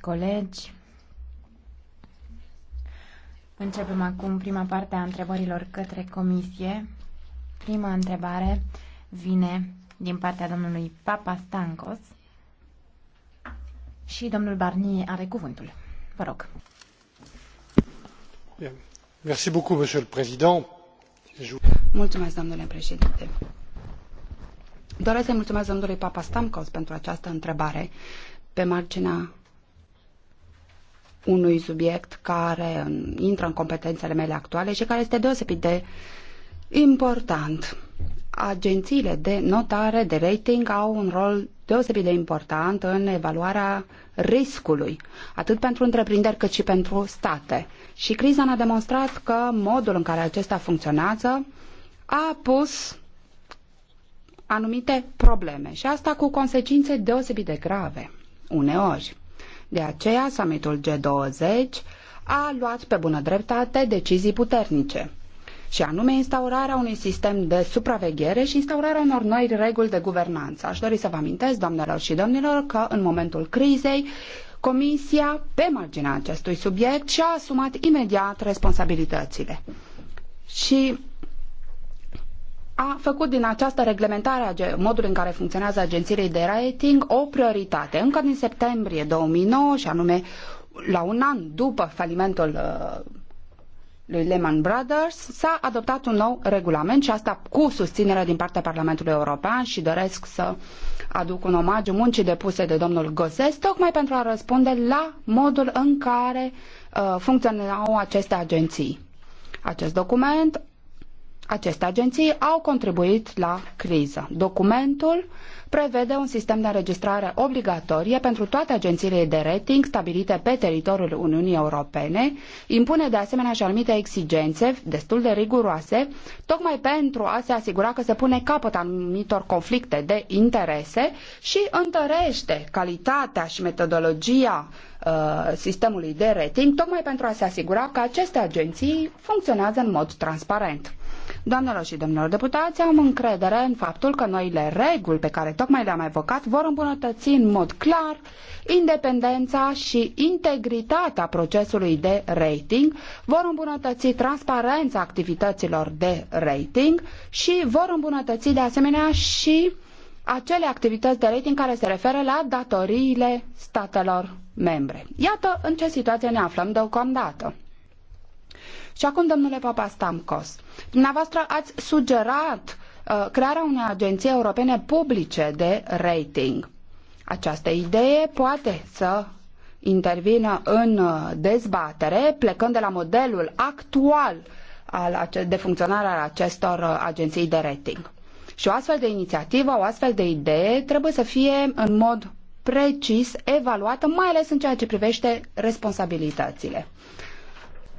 colegi, începem acum prima parte a întrebărilor către comisie. Prima întrebare vine din partea domnului Papa Stancos și domnul Barnier are cuvântul. Vă rog. Merci beaucoup, monsieur le président. Mulțumesc, domnule președinte. Doresc să-i mulțumesc domnului Papa Papastamkos pentru această întrebare pe marginea unui subiect care intră în competențele mele actuale și care este deosebit de important. Agențiile de notare, de rating au un rol deosebit de important în evaluarea riscului, atât pentru întreprinderi cât și pentru state. Și criza ne-a demonstrat că modul în care acesta funcționează a pus anumite probleme și asta cu consecințe deosebit de grave uneori. De aceea, summitul G20 a luat pe bună dreptate decizii puternice și anume instaurarea unui sistem de supraveghere și instaurarea unor noi reguli de guvernanță. Aș dori să vă amintesc, doamnelor și domnilor, că în momentul crizei Comisia, pe marginea acestui subiect, și-a asumat imediat responsabilitățile. Și a făcut din această reglementare a modului în care funcționează agențiile de rating o prioritate. Încă din septembrie 2009, și anume la un an după falimentul uh, lui Lehman Brothers, s-a adoptat un nou regulament și asta cu susținere din partea Parlamentului European și doresc să aduc un omagiu muncii depuse de domnul Gozes, tocmai pentru a răspunde la modul în care uh, funcționau aceste agenții. Acest document aceste agenții au contribuit la criză. Documentul prevede un sistem de înregistrare obligatorie pentru toate agențiile de rating stabilite pe teritoriul Uniunii Europene, impune de asemenea și anumite exigențe destul de riguroase, tocmai pentru a se asigura că se pune capăt anumitor conflicte de interese și întărește calitatea și metodologia uh, sistemului de rating, tocmai pentru a se asigura că aceste agenții funcționează în mod transparent. Doamnelor și domnilor deputați, am încredere în faptul că noile reguli pe care tocmai le-am evocat vor îmbunătăți în mod clar independența și integritatea procesului de rating, vor îmbunătăți transparența activităților de rating și vor îmbunătăți de asemenea și acele activități de rating care se referă la datoriile statelor membre. Iată în ce situație ne aflăm deocamdată. Și acum, domnule papa Stamkos, dumneavoastră ați sugerat uh, crearea unei agenții europene publice de rating. Această idee poate să intervină în uh, dezbatere, plecând de la modelul actual al, de funcționare al acestor uh, agenții de rating. Și o astfel de inițiativă, o astfel de idee trebuie să fie în mod precis evaluată, mai ales în ceea ce privește responsabilitățile.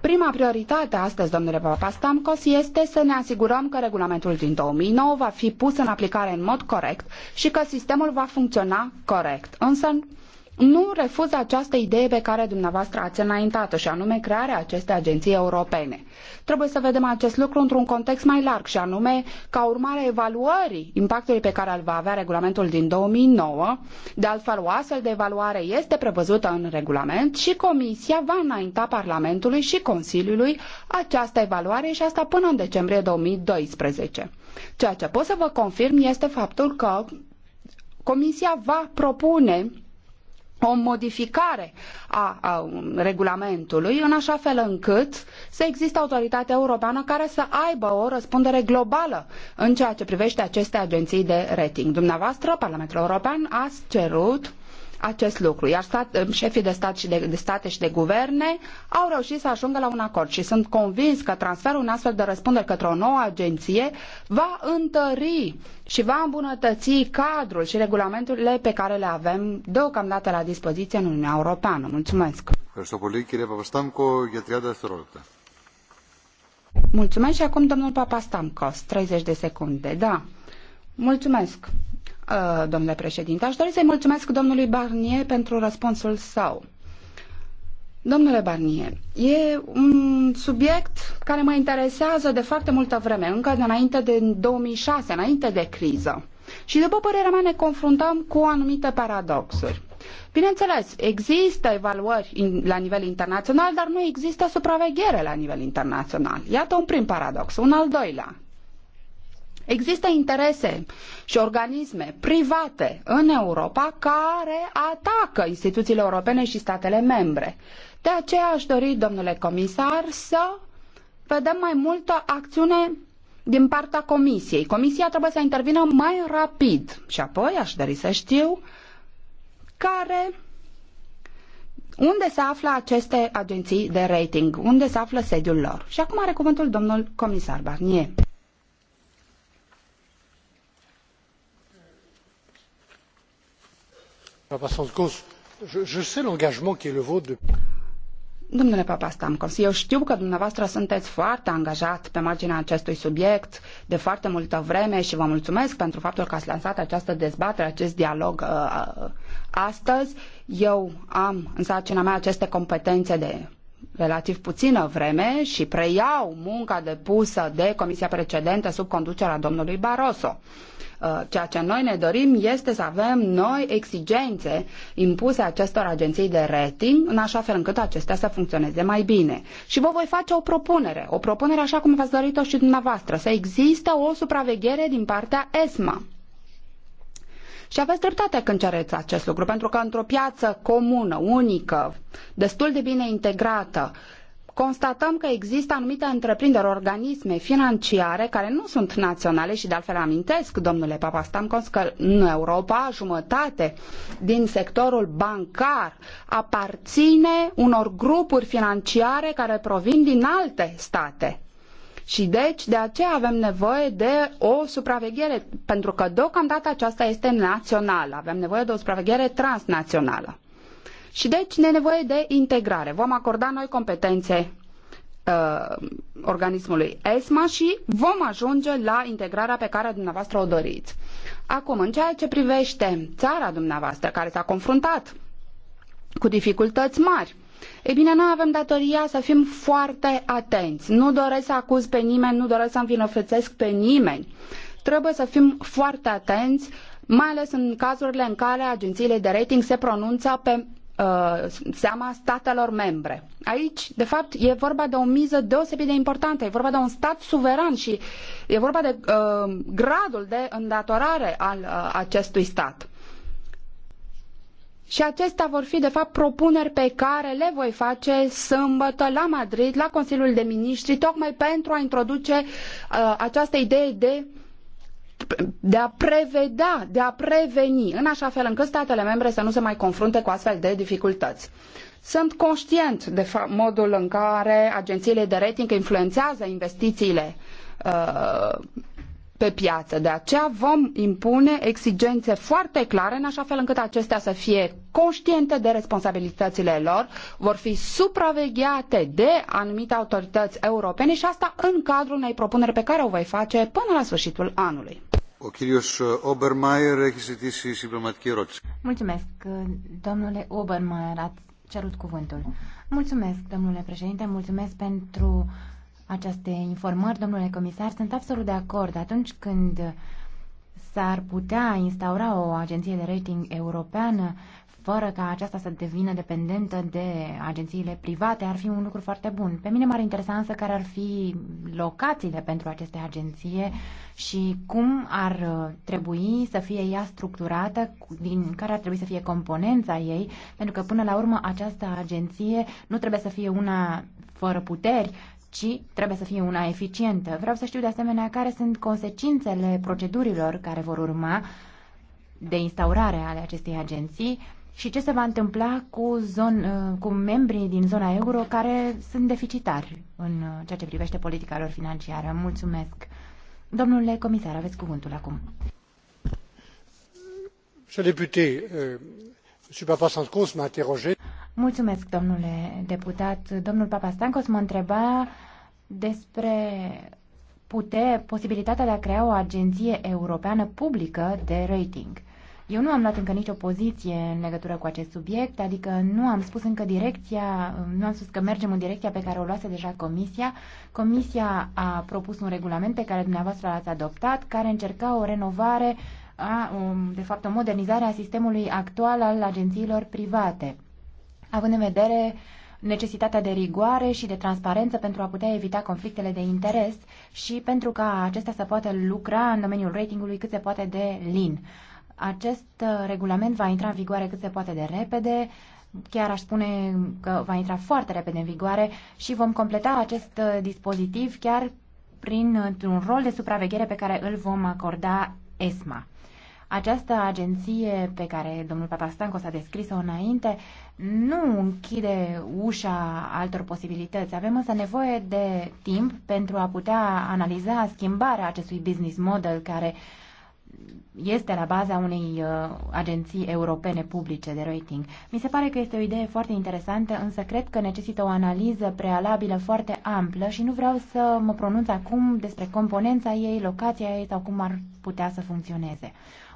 Prima prioritate astăzi, domnule Papastamkos, este să ne asigurăm că regulamentul din 2009 va fi pus în aplicare în mod corect și că sistemul va funcționa corect. Însă nu refuz această idee pe care dumneavoastră ați înaintat-o și anume crearea acestei agenții europene. Trebuie să vedem acest lucru într-un context mai larg și anume ca urmare a evaluării impactului pe care îl va avea regulamentul din 2009. De altfel, o astfel de evaluare este prevăzută în regulament și Comisia va înainta Parlamentului și Consiliului această evaluare și asta până în decembrie 2012. Ceea ce pot să vă confirm este faptul că Comisia va propune o modificare a, a, regulamentului în așa fel încât să existe autoritatea europeană care să aibă o răspundere globală în ceea ce privește aceste agenții de rating. Dumneavoastră, Parlamentul European, ați cerut acest lucru. Iar stat, eh, șefii de, stat și de, de state și de guverne au reușit să ajungă la un acord și sunt convins că transferul unui astfel de răspundere către o nouă agenție va întări și va îmbunătăți cadrul și regulamenturile pe care le avem deocamdată la dispoziție în Uniunea Europeană. Mulțumesc! Mulțumesc și acum domnul Papastamcos, 30 de secunde, da. Mulțumesc! Uh, domnule președinte. Aș dori să-i mulțumesc domnului Barnier pentru răspunsul său. Domnule Barnier, e un subiect care mă interesează de foarte multă vreme, încă de înainte de 2006, înainte de criză. Și după părerea mea ne confruntăm cu anumite paradoxuri. Bineînțeles, există evaluări la nivel internațional, dar nu există supraveghere la nivel internațional. Iată un prim paradox. Un al doilea. Există interese și organisme private în Europa care atacă instituțiile europene și statele membre. De aceea aș dori, domnule comisar, să vedem mai multă acțiune din partea Comisiei. Comisia trebuie să intervină mai rapid și apoi aș dori să știu care unde se află aceste agenții de rating, unde se află sediul lor. Și acum are cuvântul domnul comisar Barnier. Papastamkos, je sais l'engagement qui est le vôtre de... Domnule Papastamkos, eu știu că dumneavoastră sunteți foarte angajat pe marginea acestui subiect de foarte multă vreme și vă mulțumesc pentru faptul că ați lansat această dezbatere, acest dialog uh, uh astăzi. Eu am în sarcina mea aceste competențe de relativ puțină vreme și preiau munca depusă de comisia precedentă sub conducerea domnului Barroso. Uh, Uh, ceea ce noi ne dorim este să avem noi exigențe impuse acestor agenții de rating, în așa fel încât acestea să funcționeze mai bine. Și vă voi face o propunere, o propunere așa cum v-ați dorit-o și dumneavoastră, să există o supraveghere din partea ESMA. Și aveți dreptate când cereți acest lucru, pentru că într-o piață comună, unică, destul de bine integrată, constatăm că există anumite întreprinderi, organisme financiare care nu sunt naționale și de altfel amintesc, domnule Papastamcos, că în Europa jumătate din sectorul bancar aparține unor grupuri financiare care provin din alte state. Și deci, de aceea avem nevoie de o supraveghere, pentru că deocamdată aceasta este națională. Avem nevoie de o supraveghere transnațională. Și deci ne nevoie de integrare. Vom acorda noi competențe uh, organismului ESMA și vom ajunge la integrarea pe care dumneavoastră o doriți. Acum, în ceea ce privește țara dumneavoastră care s-a confruntat cu dificultăți mari, ei bine, noi avem datoria să fim foarte atenți. Nu doresc să acuz pe nimeni, nu doresc să învinovățesc pe nimeni. Trebuie să fim foarte atenți, mai ales în cazurile în care agențiile de rating se pronunță pe uh, seama statelor membre. Aici, de fapt, e vorba de o miză deosebit de importantă, e vorba de un stat suveran și e vorba de uh, gradul de îndatorare al uh, acestui stat. Și acestea vor fi, de fapt, propuneri pe care le voi face sâmbătă la Madrid, la Consiliul de Ministri, tocmai pentru a introduce uh, această idee de de a prevedea, de a preveni, în așa fel încât statele membre să nu se mai confrunte cu astfel de dificultăți. Sunt conștient de modul în care agențiile de rating influențează investițiile uh, pe piață. De aceea vom impune exigențe foarte clare în așa fel încât acestea să fie conștiente de responsabilitățile lor, vor fi supravegheate de anumite autorități europene și asta în cadrul unei propuneri pe care o voi face până la sfârșitul anului. Ο κύριος Obermeier έχει ζητήσει συμπληρωματική ερώτηση. Mulțumesc, domnule Obermeier, ați cerut cuvântul. Mulțumesc, domnule președinte, mulțumesc pentru aceste informări, domnule comisar. Sunt absolut de acord. Atunci când s-ar putea instaura o agenție de rating europeană, fără ca aceasta să devină dependentă de agențiile private, ar fi un lucru foarte bun. Pe mine m-ar interesa însă care ar fi locațiile pentru aceste agenție și cum ar uh, trebui să fie ea structurată, din care ar trebui să fie componența ei, pentru că până la urmă această agenție nu trebuie să fie una fără puteri, ci trebuie să fie una eficientă. Vreau să știu de asemenea care sunt consecințele procedurilor care vor urma de instaurare ale acestei agenții și ce se va întâmpla cu, zon, uh, cu membrii din zona euro care sunt deficitari în uh, ceea ce privește politica lor financiară. Mulțumesc. Domnule comisar, aveți cuvântul acum. Euh, Mulțumesc, domnule deputat. Domnul Papastancos mă întreba despre pute, posibilitatea de a crea o agenție europeană publică de rating. Eu nu am luat încă nicio poziție în legătură cu acest subiect, adică nu am spus încă direcția, nu am spus că mergem în direcția pe care o luase deja Comisia. Comisia a propus un regulament pe care dumneavoastră l-ați adoptat, care încerca o renovare, a, um, de fapt o modernizare a sistemului actual al agențiilor private, având în vedere necesitatea de rigoare și de transparență pentru a putea evita conflictele de interes și pentru ca acesta să poată lucra în domeniul ratingului cât se poate de lin. Acest uh, regulament va intra în vigoare cât se poate de repede, chiar aș spune că va intra foarte repede în vigoare și vom completa acest uh, dispozitiv chiar prin uh, un rol de supraveghere pe care îl vom acorda ESMA. Această agenție pe care domnul Papastanco s-a descris-o înainte nu închide ușa altor posibilități. Avem însă nevoie de timp pentru a putea analiza schimbarea acestui business model care uh, este la baza unei uh, agenții europene publice de rating. Mi se pare că este o idee foarte interesantă, însă cred că necesită o analiză prealabilă foarte amplă și nu vreau să mă pronunț acum despre componența ei, locația ei sau cum ar putea să funcționeze.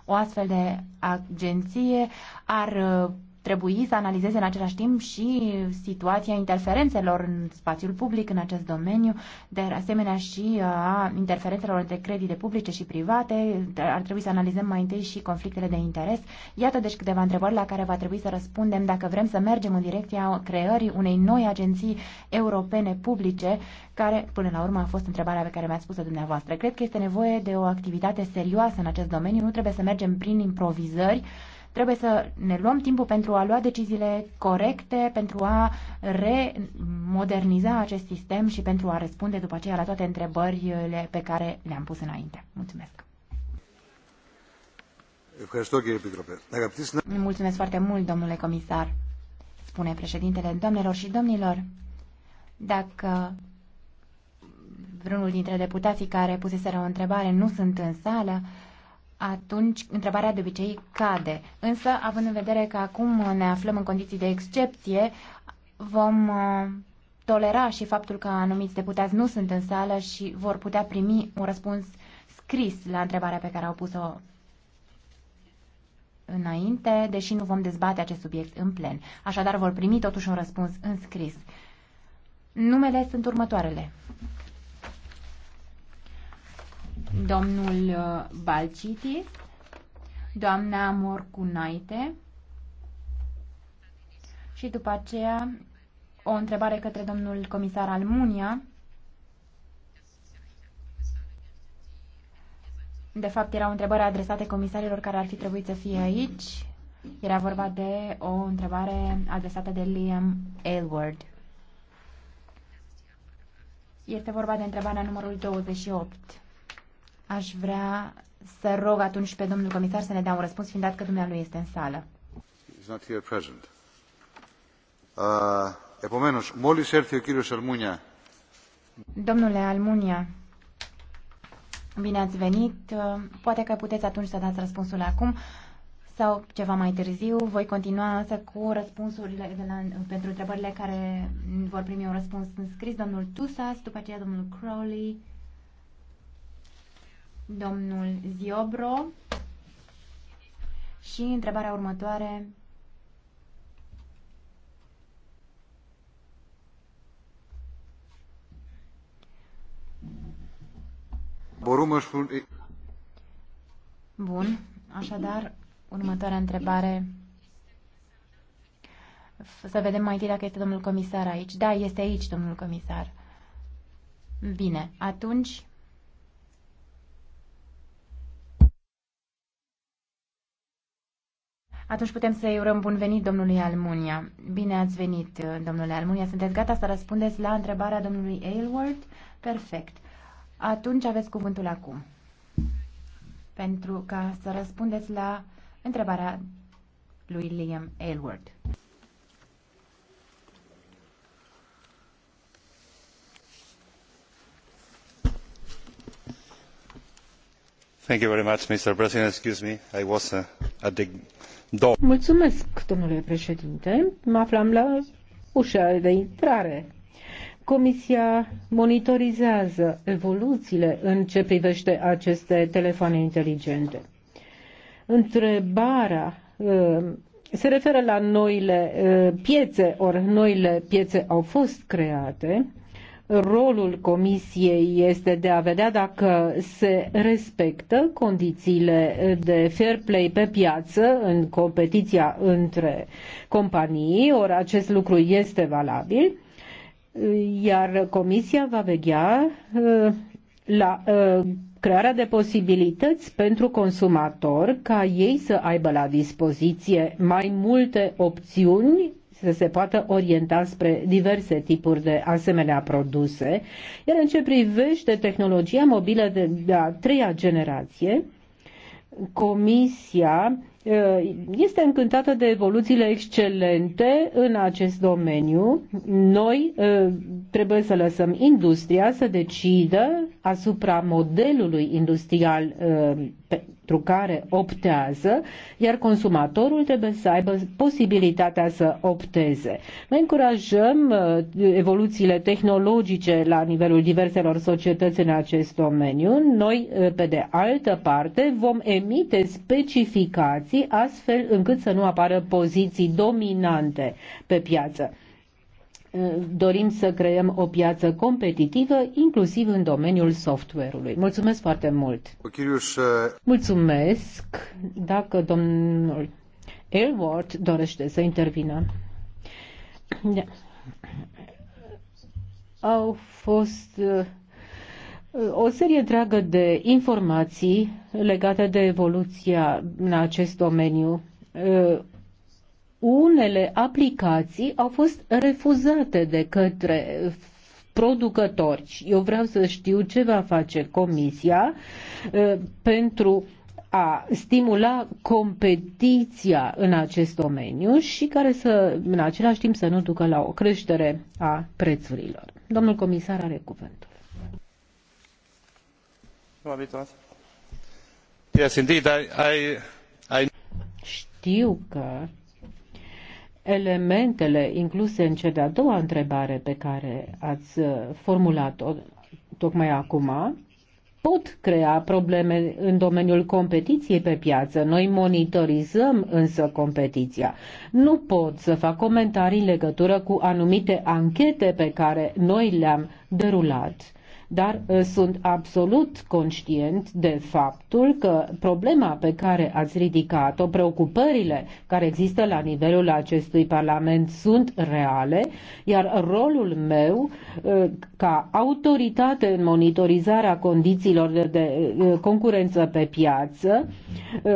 O astfel de agenție ar uh, trebui să analizeze în același timp și situația interferențelor în spațiul public în acest domeniu, de asemenea și uh, a interferențelor între credite publice și private. Ar trebui să analizăm mai întâi și conflictele de interes. Iată deci câteva întrebări la care va trebui să răspundem dacă vrem să mergem în direcția creării unei noi agenții europene publice, care până la urmă a fost întrebarea pe care mi a spus-o dumneavoastră. Cred că este nevoie de o activitate serioasă în acest domeniu, nu trebuie să mergem prin improvizări, Trebuie să ne luăm timpul pentru a lua deciziile corecte, pentru a remoderniza acest sistem și pentru a răspunde după aceea la toate întrebările pe care le-am pus înainte. Mulțumesc! Mulțumesc foarte mult, domnule comisar, spune președintele. Doamnelor și domnilor, dacă vreunul dintre deputații care puseseră o întrebare nu sunt în sală, atunci întrebarea de obicei cade. Însă, având în vedere că acum ne aflăm în condiții de excepție, vom uh, tolera și faptul că anumiți deputați nu sunt în sală și vor putea primi un răspuns scris la întrebarea pe care au pus-o înainte, deși nu vom dezbate acest subiect în plen. Așadar, vor primi totuși un răspuns în scris. Numele sunt următoarele domnul uh, Balciti, doamna Morcunaite și după aceea o întrebare către domnul comisar Almunia. De fapt, erau întrebări adresate comisarilor care ar fi trebuit să fie aici. Era vorba de o întrebare adresată de Liam Aylward. Este vorba de întrebarea numărul 28. Aș vrea să rog atunci pe domnul comisar să ne dea un răspuns, fiind dat că dumnealui este în sală. Uh, Epomenos, μόλις έρθει o kirios Αλμούνια. Domnule Almunia, bine ați venit. Uh, poate că puteți atunci să dați răspunsul acum sau ceva mai târziu. Voi continua însă cu răspunsurile de la, pentru întrebările care vor primi un răspuns în scris. Domnul Tusas, după aceea domnul Crowley, domnul Ziobro și întrebarea următoare Bun, așadar, următoarea întrebare să vedem mai întâi dacă este domnul comisar aici. Da, este aici domnul comisar. Bine, atunci Atunci putem să-i urăm bun venit domnului Almunia. Bine ați venit, uh, domnule Almunia. Sunteți gata să răspundeți la întrebarea domnului Aylward? Perfect. Atunci aveți cuvântul acum. Pentru ca să răspundeți la întrebarea lui Liam Aylward. Mulțumesc, domnule președinte. Mă aflam la ușa de intrare. Comisia monitorizează evoluțiile în ce privește aceste telefoane inteligente. Întrebarea uh, se referă la noile uh, piețe, ori noile piețe au fost create rolul comisiei este de a vedea dacă se respectă condițiile de fair play pe piață în competiția între companii, ori acest lucru este valabil, iar comisia va veghea uh, la uh, crearea de posibilități pentru consumator ca ei să aibă la dispoziție mai multe opțiuni să se poată orienta spre diverse tipuri de asemenea produse. Iar în ce privește tehnologia mobilă de, de a treia generație, Comisia uh, este încântată de evoluțiile excelente în acest domeniu. Noi uh, trebuie să lăsăm industria să decidă asupra modelului industrial uh, pentru care optează, iar consumatorul trebuie să aibă posibilitatea să opteze. Noi încurajăm uh, evoluțiile tehnologice la nivelul diverselor societăți în acest domeniu. Noi, uh, pe de altă parte, vom emite specificații astfel încât să nu apară poziții dominante pe piață dorim să creăm o piață competitivă, inclusiv în domeniul software-ului. Mulțumesc foarte mult! Uh, Mulțumesc! Dacă domnul Elward dorește să intervină. Da. Au fost uh, o serie întreagă de informații legate de evoluția în acest domeniu uh, unele aplicații au fost refuzate de către producători. Eu vreau să știu ce va face Comisia pentru a stimula competiția în acest domeniu și care să, în același timp, să nu ducă la o creștere a prețurilor. Domnul comisar are cuvântul. Yes, indeed, I, I, I... Știu că elementele incluse în cea de-a doua întrebare pe care ați uh, formulat-o tocmai acum pot crea probleme în domeniul competiției pe piață. Noi monitorizăm însă competiția. Nu pot să fac comentarii în legătură cu anumite anchete pe care noi le-am derulat dar uh, sunt absolut conștient de faptul că problema pe care ați ridicat-o, preocupările care există la nivelul acestui Parlament sunt reale, iar rolul meu uh, ca autoritate în monitorizarea condițiilor de, de uh, concurență pe piață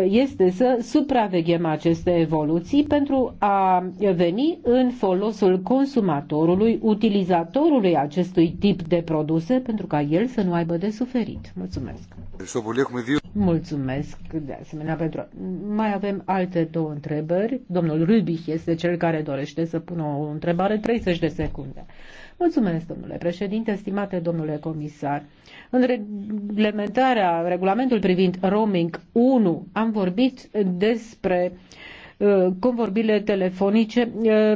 este să supraveghem aceste evoluții pentru a veni în folosul consumatorului, utilizatorului acestui tip de produse, pentru pentru ca el să nu aibă de suferit. Mulțumesc! Mulțumesc de asemenea pentru... Mai avem alte două întrebări. Domnul Rubich este cel care dorește să pună o întrebare 30 de secunde. Mulțumesc, domnule președinte, stimate domnule comisar. În reglementarea, regulamentul privind roaming 1, am vorbit despre uh, convorbile telefonice, uh,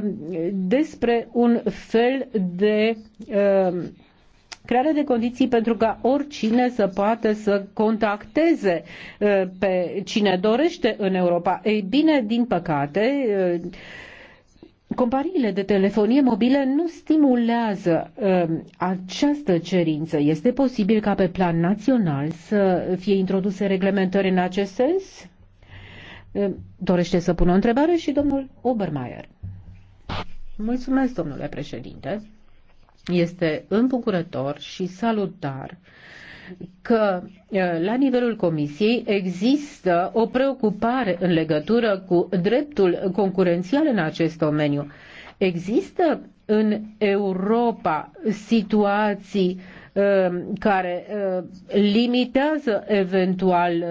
despre un fel de uh, crearea de condiții pentru ca oricine să poată să contacteze uh, pe cine dorește în Europa. Ei bine, din păcate, uh, companiile de telefonie mobile nu stimulează uh, această cerință. Este posibil ca pe plan național să fie introduse reglementări în acest sens? Dorește să pună o întrebare și domnul Obermeier. Mulțumesc, domnule președinte. Este îmbucurător și salutar că la nivelul Comisiei există o preocupare în legătură cu dreptul concurențial în acest domeniu. Există în Europa situații care limitează eventual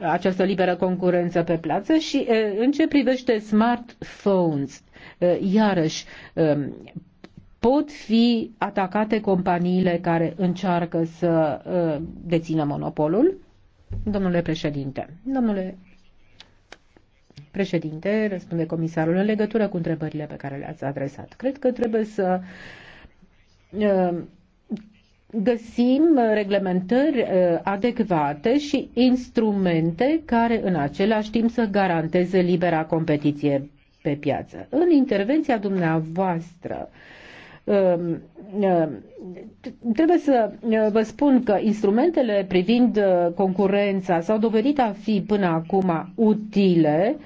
această liberă concurență pe piață și în ce privește smartphones, iarăși pot fi atacate companiile care încearcă să uh, dețină monopolul? Domnule președinte, domnule președinte, răspunde comisarul în legătură cu întrebările pe care le-ați adresat. Cred că trebuie să uh, găsim reglementări uh, adecvate și instrumente care în același timp să garanteze libera competiție pe piață. În intervenția dumneavoastră Um, um, trebuie să uh, vă spun că instrumentele privind uh, concurența s-au dovedit a fi până acum utile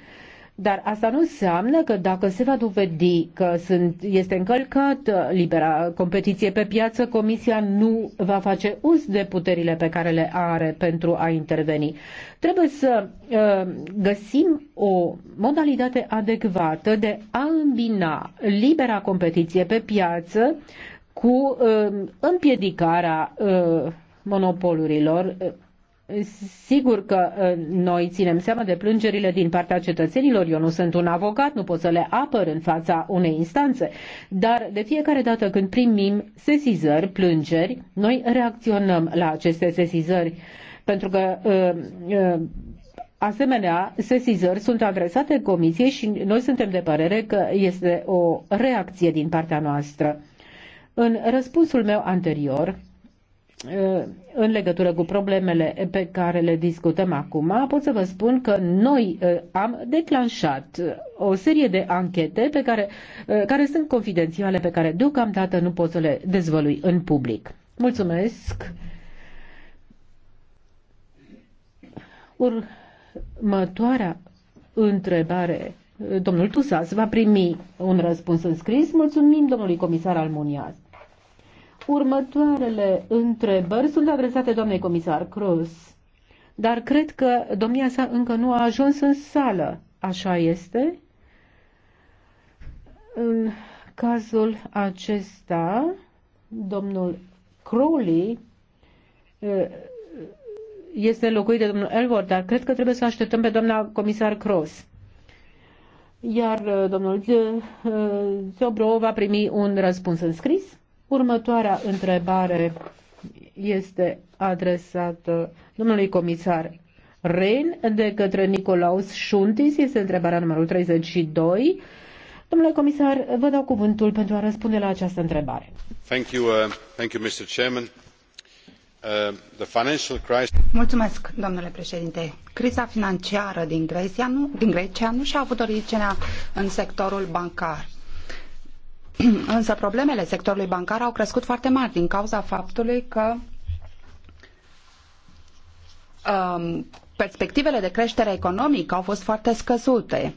dar asta nu înseamnă că dacă se va dovedi că sunt, este încălcată uh, libera competiție pe piață, Comisia nu va face uz de puterile pe care le are pentru a interveni. Trebuie să uh, găsim o modalitate adecvată de a îmbina libera competiție pe piață cu uh, împiedicarea uh, monopolurilor uh, Sigur că uh, noi ținem seama de plângerile din partea cetățenilor. Eu nu sunt un avocat, nu pot să le apăr în fața unei instanțe, dar de fiecare dată când primim sesizări, plângeri, noi reacționăm la aceste sesizări, pentru că uh, uh, asemenea sesizări sunt adresate comisiei și noi suntem de părere că este o reacție din partea noastră. În răspunsul meu anterior, în legătură cu problemele pe care le discutăm acum, pot să vă spun că noi uh, am declanșat uh, o serie de anchete pe care, uh, care sunt confidențiale, pe care deocamdată nu pot să le dezvălui în public. Mulțumesc! Următoarea întrebare. Domnul Tusas va primi un răspuns în scris. Mulțumim domnului comisar Almuniaz următoarele întrebări sunt adresate doamnei comisar Cruz. Dar cred că domnia sa încă nu a ajuns în sală. Așa este? În cazul acesta, domnul Crowley este înlocuit de domnul Elward, dar cred că trebuie să așteptăm pe doamna comisar Cross. Iar domnul Zobro va primi un răspuns în scris. Următoarea întrebare este adresată domnului comisar Ren de către Nicolaus Șuntis. Este întrebarea numărul 32. Domnule comisar, vă dau cuvântul pentru a răspunde la această întrebare. Thank you, uh, thank you, Mr. Chairman. Uh, the crisis... Mulțumesc, domnule președinte. Criza financiară din Grecia nu, din Grecia nu și-a avut originea în sectorul bancar Însă problemele sectorului bancar au crescut foarte mari din cauza faptului că um, perspectivele de creștere economică au fost foarte scăzute.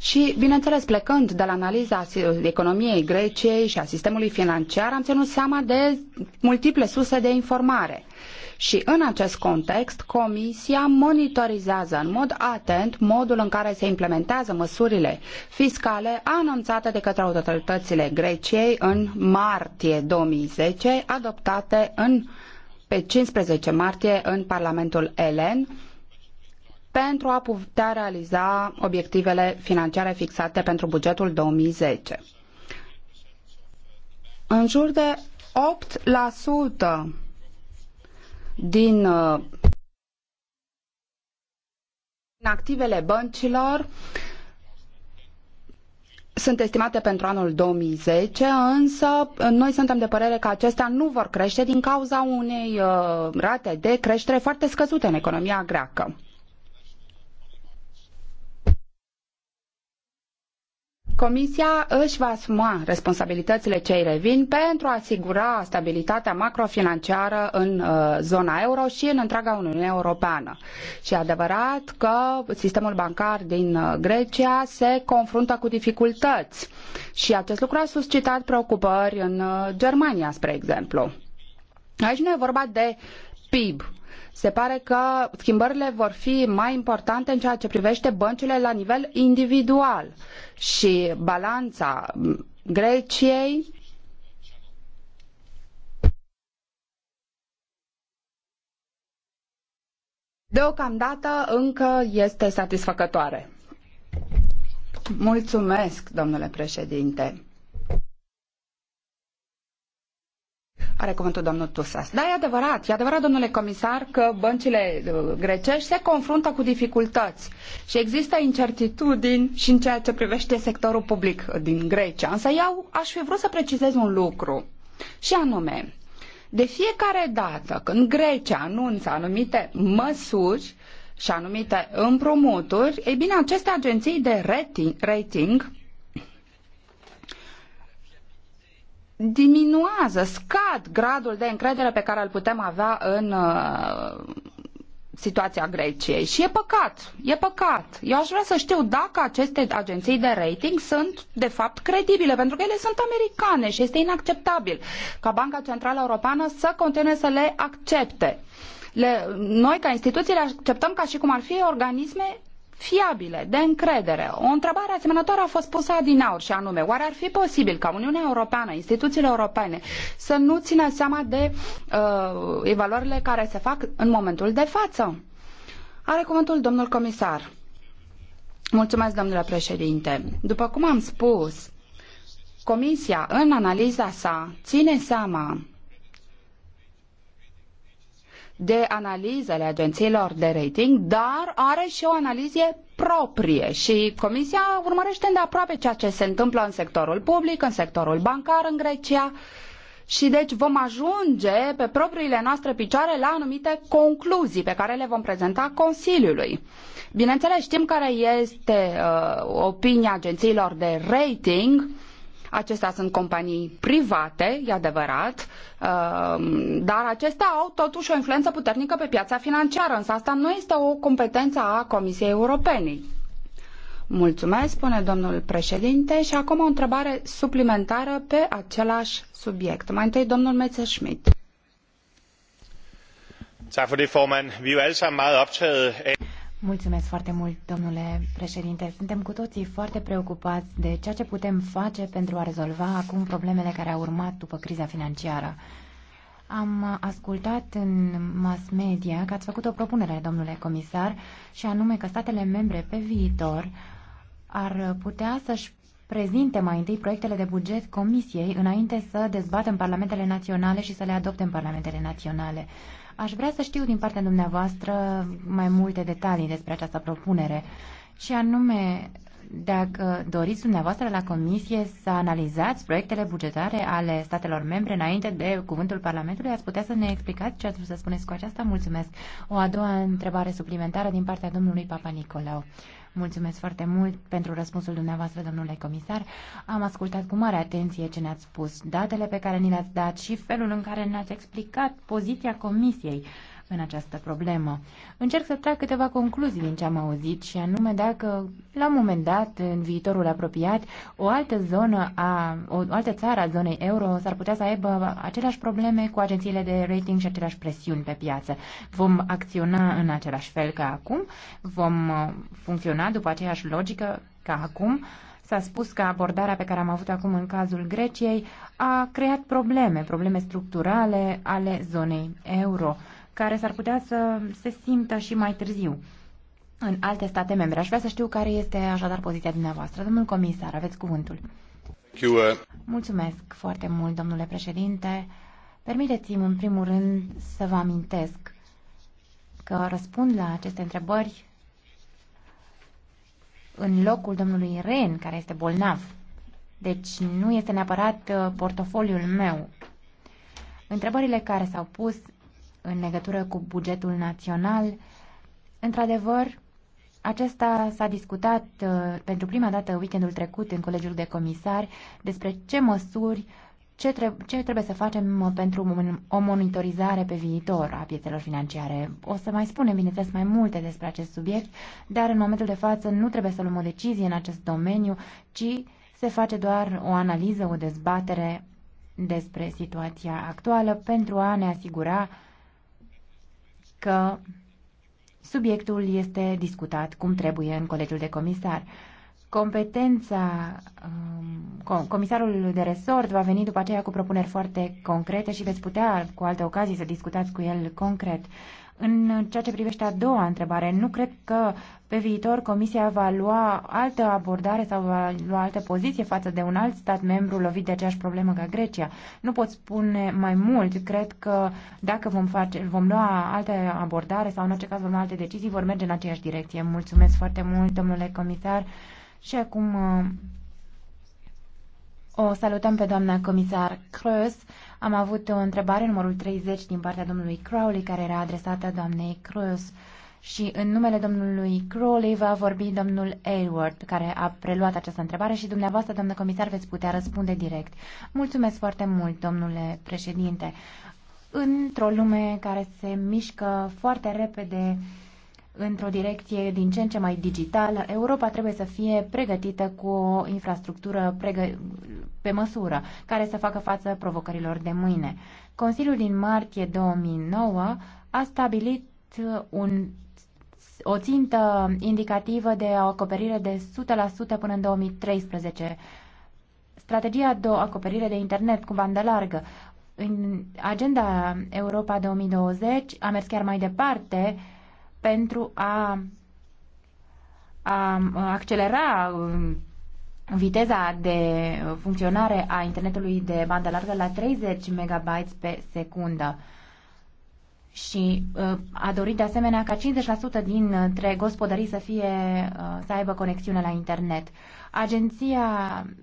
Și, bineînțeles, plecând de la analiza economiei Greciei și a sistemului financiar, am ținut seama de multiple surse de informare. Și în acest context, Comisia monitorizează în mod atent modul în care se implementează măsurile fiscale anunțate de către autoritățile Greciei în martie 2010, adoptate în, pe 15 martie în Parlamentul Elen, pentru a putea realiza obiectivele financiare fixate pentru bugetul 2010. În jur de 8% din în uh, activele băncilor sunt estimate pentru anul 2010, însă noi suntem de părere că acestea nu vor crește din cauza unei uh, rate de creștere foarte scăzute în economia greacă. Comisia își va asuma responsabilitățile ce îi revin pentru a asigura stabilitatea macrofinanciară în uh, zona euro și în întreaga Uniune Europeană. Și e adevărat că sistemul bancar din uh, Grecia se confruntă cu dificultăți și acest lucru a suscitat preocupări în uh, Germania, spre exemplu. Aici nu e vorba de PIB, se pare că schimbările vor fi mai importante în ceea ce privește băncile la nivel individual și balanța Greciei deocamdată încă este satisfăcătoare. Mulțumesc, domnule președinte. Are cuvântul domnul Tusas. Da, e adevărat, e adevărat, domnule comisar, că băncile uh, grecești se confruntă cu dificultăți și există incertitudini și în ceea ce privește sectorul public uh, din Grecia. Însă eu aș fi vrut să precizez un lucru și anume, de fiecare dată când Grecia anunță anumite măsuri și anumite împrumuturi, ei bine, aceste agenții de rating, rating diminuează, scad gradul de încredere pe care îl putem avea în uh, situația Greciei. Și e păcat, e păcat. Eu aș vrea să știu dacă aceste agenții de rating sunt, de fapt, credibile, pentru că ele sunt americane și este inacceptabil ca Banca Centrală Europeană să continue să le accepte. Le, noi, ca instituții, le acceptăm ca și cum ar fi organisme fiabile, de încredere. O întrebare asemănătoare a fost pusă adinaur și anume, oare ar fi posibil ca Uniunea Europeană, instituțiile europene, să nu țină seama de uh, evaluările care se fac în momentul de față? Are cuvântul domnul comisar. Mulțumesc, domnule președinte. După cum am spus, Comisia, în analiza sa, ține seama de analizele agențiilor de rating, dar are și o analiză proprie și Comisia urmărește îndeaproape ceea ce se întâmplă în sectorul public, în sectorul bancar în Grecia și deci vom ajunge pe propriile noastre picioare la anumite concluzii pe care le vom prezenta Consiliului. Bineînțeles, știm care este uh, opinia agențiilor de rating uh, Acestea sunt companii private, e adevărat, uh, dar acestea au totuși o influență puternică pe piața financiară, însă asta nu este o competență a Comisiei Europene. Mulțumesc, spune domnul președinte, și acum o întrebare suplimentară pe același subiect. Mai întâi, domnul Messerschmidt. Tak for det, formand. Vi er jo alle sammen meget optaget af... Mulțumesc foarte mult, domnule președinte. Suntem cu toții foarte preocupați de ceea ce putem face pentru a rezolva acum problemele care au urmat după criza financiară. Am ascultat în mass media că ați făcut o propunere, domnule comisar, și anume că statele membre pe viitor ar putea să-și prezinte mai întâi proiectele de buget comisiei înainte să dezbatem parlamentele naționale și să le adopte în parlamentele naționale. Aș vrea să știu din partea dumneavoastră mai multe detalii despre această propunere și anume dacă doriți dumneavoastră la comisie să analizați proiectele bugetare ale statelor membre înainte de cuvântul Parlamentului, ați putea să ne explicați ce ați vrut să spuneți cu aceasta? Mulțumesc. O a doua întrebare suplimentară din partea domnului Papa Nicolau. Mulțumesc foarte mult pentru răspunsul dumneavoastră, domnule comisar. Am ascultat cu mare atenție ce ne-ați spus, datele pe care ni le-ați dat și felul în care ne-ați explicat poziția comisiei în această problemă. Încerc să trag câteva concluzii din ce am auzit și anume dacă la un moment dat, în viitorul apropiat, o altă zonă a, o altă țară a zonei euro s-ar putea să aibă aceleași probleme cu agențiile de rating și aceleași presiuni pe piață. Vom acționa în același fel ca acum, vom uh, funcționa după aceeași logică ca acum, S-a spus că abordarea pe care am avut acum în cazul Greciei a creat probleme, probleme structurale ale zonei euro care s-ar putea să se simtă și mai târziu în alte state membre. Aș vrea să știu care este așadar poziția dumneavoastră. Domnul comisar, aveți cuvântul. Uh, Mulțumesc foarte mult, domnule președinte. Permiteți-mi, în primul rând, să vă amintesc că răspund la aceste întrebări în locul domnului Ren, care este bolnav. Deci nu este neapărat uh, portofoliul meu. Întrebările care s-au pus în legătură cu bugetul național. Într-adevăr, acesta s-a discutat uh, pentru prima dată weekendul trecut în Colegiul de Comisari despre ce măsuri, ce, treb- ce trebuie să facem uh, pentru o monitorizare pe viitor a piețelor financiare. O să mai spunem, bineînțeles, mai multe despre acest subiect, dar în momentul de față nu trebuie să luăm o decizie în acest domeniu, ci se face doar o analiză, o dezbatere despre situația actuală pentru a ne asigura că subiectul este discutat cum trebuie în Colegiul de Comisar. Competența, um, comisarul de resort va veni după aceea cu propuneri foarte concrete și veți putea cu alte ocazii să discutați cu el concret. În ceea ce privește a doua întrebare, nu cred că pe viitor Comisia va lua altă abordare sau va lua altă poziție față de un alt stat membru lovit de aceeași problemă ca Grecia. Nu pot spune mai mult. Cred că dacă vom, face, vom lua alte abordare sau în orice caz vom lua alte decizii, vor merge în aceeași direcție. Mulțumesc foarte mult, domnule comisar. Și acum o salutăm pe doamna comisar Crăs. Am avut o întrebare numărul 30 din partea domnului Crowley, care era adresată doamnei Crăs. Și în numele domnului Crowley va vorbi domnul Aylward, care a preluat această întrebare și dumneavoastră, doamnă comisar, veți putea răspunde direct. Mulțumesc foarte mult, domnule președinte. Într-o lume care se mișcă foarte repede, într-o direcție din ce în ce mai digitală, Europa trebuie să fie pregătită cu o infrastructură pregă- pe măsură, care să facă față provocărilor de mâine. Consiliul din martie 2009 a stabilit uh, un, o țintă indicativă de o acoperire de 100% până în 2013. Strategia de acoperire de internet cu bandă largă. În agenda Europa 2020 a mers chiar mai departe pentru a, a accelera um, viteza de funcționare a internetului de bandă largă la 30 MB pe secundă și uh, a dorit de asemenea ca 50% dintre gospodării să fie uh, să aibă conexiune la internet. Agenția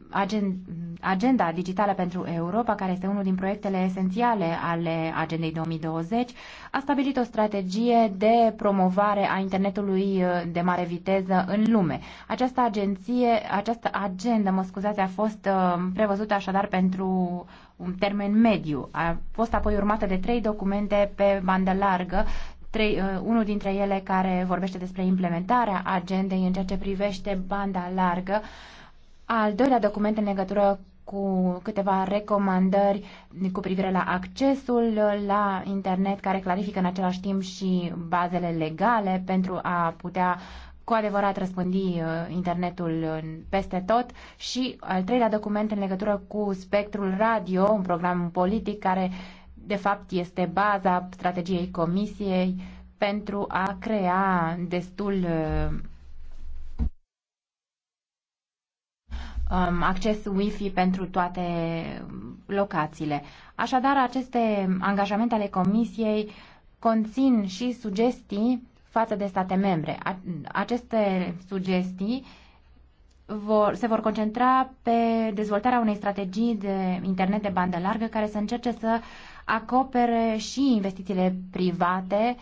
agen, Agenda Digitală pentru Europa, care este unul din proiectele esențiale ale Agendei 2020, a stabilit o strategie de promovare a internetului uh, de mare viteză în lume. Această agenție, această agenda, mă scuzați, a fost uh, prevăzută așadar pentru un termen mediu. A fost apoi urmată de trei documente pe bandă largă, trei, uh, unul dintre ele care vorbește despre implementarea agendei în ceea ce privește banda largă, al doilea document în legătură cu câteva recomandări cu privire la accesul la internet, care clarifică în același timp și bazele legale pentru a putea cu adevărat răspândi uh, internetul peste tot și al treilea document în legătură cu spectrul radio, un program politic care de fapt este baza strategiei comisiei pentru a crea destul uh, um, acces Wi-Fi pentru toate locațiile. Așadar, aceste angajamente ale Comisiei conțin și sugestii față de state membre. Aceste sugestii vor, se vor concentra pe dezvoltarea unei strategii de internet de bandă largă care să încerce să acopere și investițiile private uh,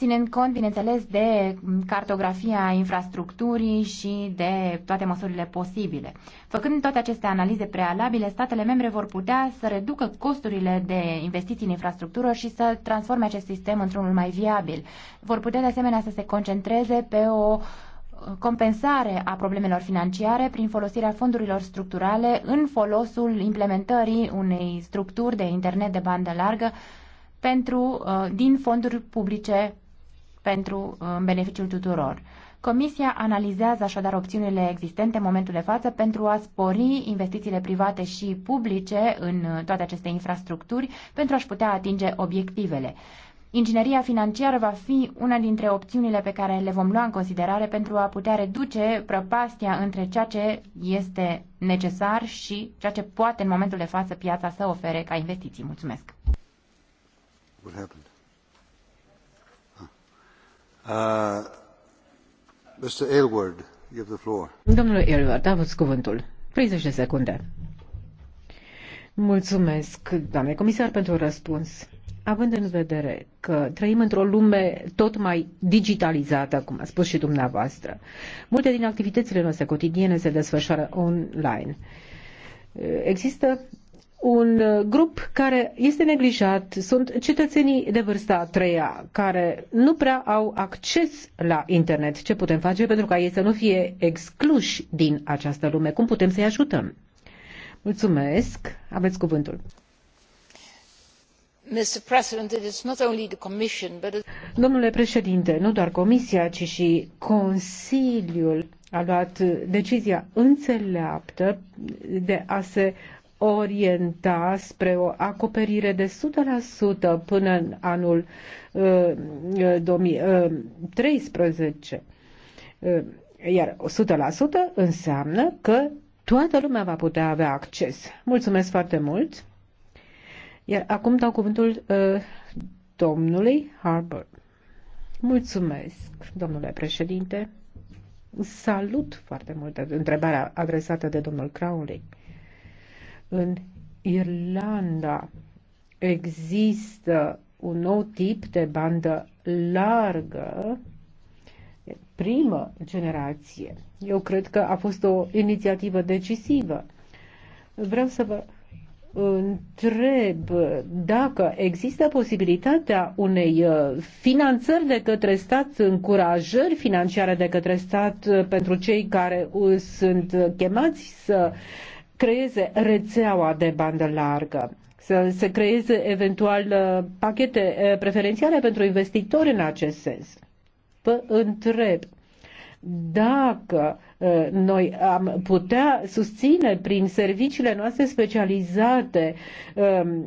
ținând cont, bineînțeles, de cartografia infrastructurii și de toate măsurile posibile. Făcând toate aceste analize prealabile, statele membre vor putea să reducă costurile de investiții în infrastructură și să transforme acest sistem într-unul mai viabil. Vor putea, de asemenea, să se concentreze pe o compensare a problemelor financiare prin folosirea fondurilor structurale în folosul implementării unei structuri de internet de bandă largă pentru, uh, din fonduri publice pentru uh, în beneficiul tuturor. Comisia analizează așadar opțiunile existente în momentul de față pentru a spori investițiile private și publice în uh, toate aceste infrastructuri pentru a-și putea atinge obiectivele. Ingineria financiară va fi una dintre opțiunile pe care le vom lua în considerare pentru a putea reduce prăpastia între ceea ce este necesar și ceea ce poate în momentul de față piața să ofere ca investiții. Mulțumesc! What happened? Uh, doamnă Mulțumesc, comisar, pentru răspuns. Având în vedere că trăim într-o lume tot mai digitalizată, cum a spus și dumneavoastră, multe din activitățile noastre cotidiene se desfășoară online. Există un uh, grup care este neglijat sunt cetățenii de vârsta a treia, care nu prea au acces la internet. Ce putem face pentru ca ei să nu fie excluși din această lume? Cum putem să-i ajutăm? Mulțumesc. Aveți cuvântul. But... Domnule președinte, nu doar Comisia, ci și Consiliul a luat decizia înțeleaptă de a se orienta spre o acoperire de 100% până în anul uh, 2013. Uh, uh, uh, iar 100% înseamnă că toată lumea va putea avea acces. Mulțumesc foarte mult! Iar acum dau cuvântul uh, domnului Harbour. Mulțumesc, domnule președinte. Salut foarte mult întrebarea adresată de domnul Crowley. În Irlanda există un nou tip de bandă largă, primă generație. Eu cred că a fost o inițiativă decisivă. Vreau să vă întreb dacă există posibilitatea unei uh, finanțări de către stat, încurajări financiare de către stat uh, pentru cei care uh, sunt chemați să uh, creeze rețeaua de bandă largă, să se creeze eventual uh, pachete uh, preferențiale pentru investitori în acest sens. Vă întreb dacă uh, noi am putea susține prin serviciile noastre specializate um,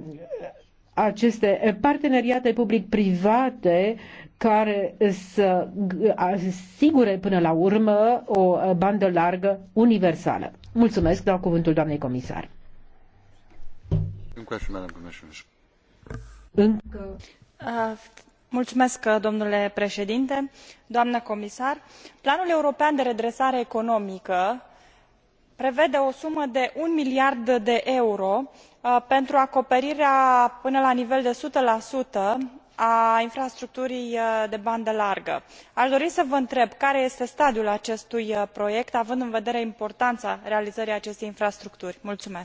aceste parteneriate public-private care să asigure până la urmă o bandă largă universală. Mulțumesc, dau cuvântul doamnei comisar. Încă... Mulțumesc, domnule președinte, doamnă comisar. Planul european de redresare economică prevede o sumă de un miliard de euro pentru acoperirea până la nivel de o sută a infrastructurii uh, de bandă largă. a dori să vă întreb care este stadiul acestui uh, proiect având în vedere importana realizării acestei infrastructuri. cuvântul,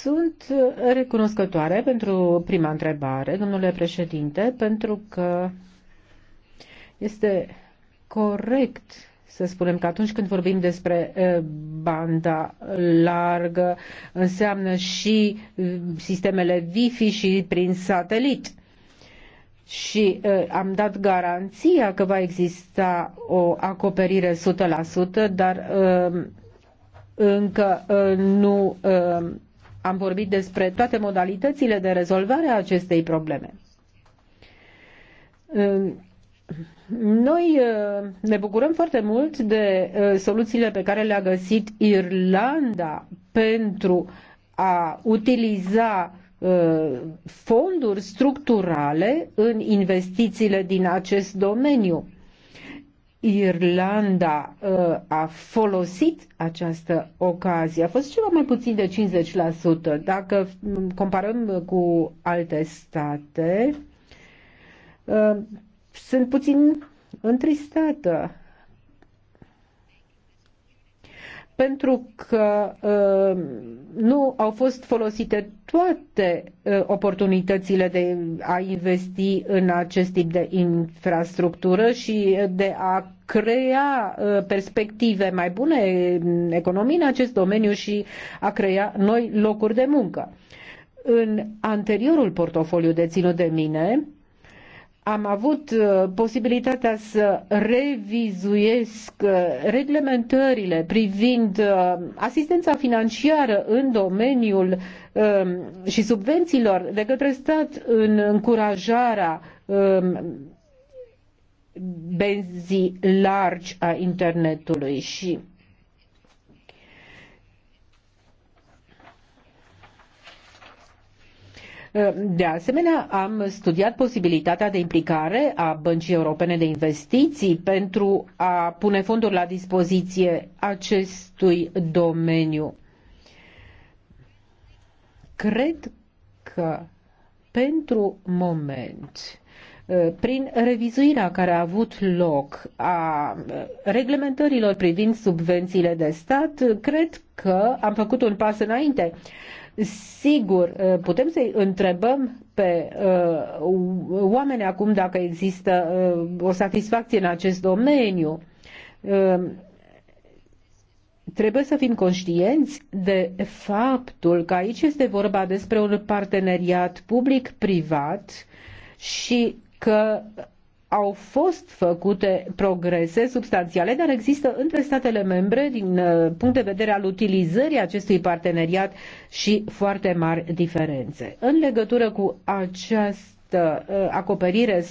Sunt uh, recunoscătoare pentru prima întrebare, domnule președinte, pentru că este corect să spunem că atunci când vorbim despre banda largă, înseamnă și sistemele Wi-Fi și prin satelit. Și am dat garanția că va exista o acoperire 100%, dar încă nu am vorbit despre toate modalitățile de rezolvare a acestei probleme noi uh, ne bucurăm foarte mult de uh, soluțiile pe care le-a găsit Irlanda pentru a utiliza uh, fonduri structurale în investițiile din acest domeniu. Irlanda a folosit această ocazie. A fost ceva mai puțin de 50%. Dacă mm, comparăm cu alte state, sunt puțin întristată pentru că uh, nu au fost folosite toate uh, oportunitățile de a investi în acest tip de infrastructură și de a crea uh, perspective mai bune economii în acest domeniu și a crea noi locuri de muncă. În anteriorul portofoliu deținut de mine, am avut uh, posibilitatea să revizuiesc uh, reglementările privind uh, asistența financiară în domeniul um, și subvențiilor de către stat în încurajarea um, benzii largi a internetului și De asemenea, am studiat posibilitatea de implicare a Băncii Europene de Investiții pentru a pune fonduri la dispoziție acestui domeniu. Cred că pentru moment prin revizuirea care a avut loc a reglementărilor privind subvențiile de stat, cred că am făcut un pas înainte. Sigur, uh, putem să-i întrebăm pe uh, oameni acum dacă există uh, o satisfacție în acest domeniu. Trebuie să fim conștienți de faptul că aici este vorba despre un parteneriat public-privat și că au fost făcute progrese substanțiale, dar există între statele membre, din uh, punct de vedere al utilizării acestui parteneriat, și foarte mari diferențe. În legătură cu această uh, acoperire 100%,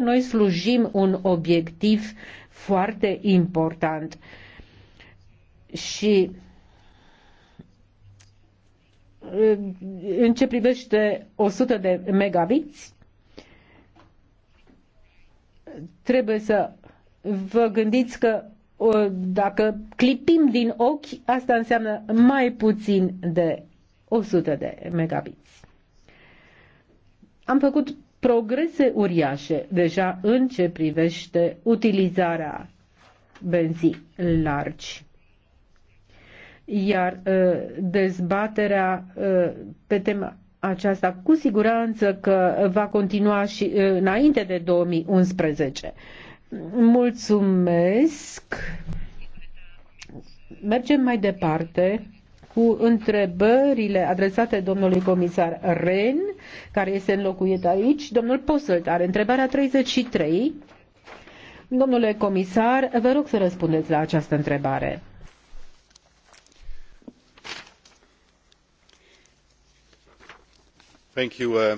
noi slujim un obiectiv foarte important. Și uh, în ce privește 100 de megabiți, trebuie să vă gândiți că dacă clipim din ochi, asta înseamnă mai puțin de 100 de megabits. Am făcut progrese uriașe deja în ce privește utilizarea benzii largi. Iar uh, dezbaterea uh, pe tema aceasta cu siguranță că va continua și uh, înainte de 2011. Mulțumesc. Mergem mai departe cu întrebările adresate domnului comisar Ren, care este înlocuit aici. Domnul Posălt are întrebarea 33. Domnule comisar, vă rog să răspundeți la această întrebare. Uh, uh,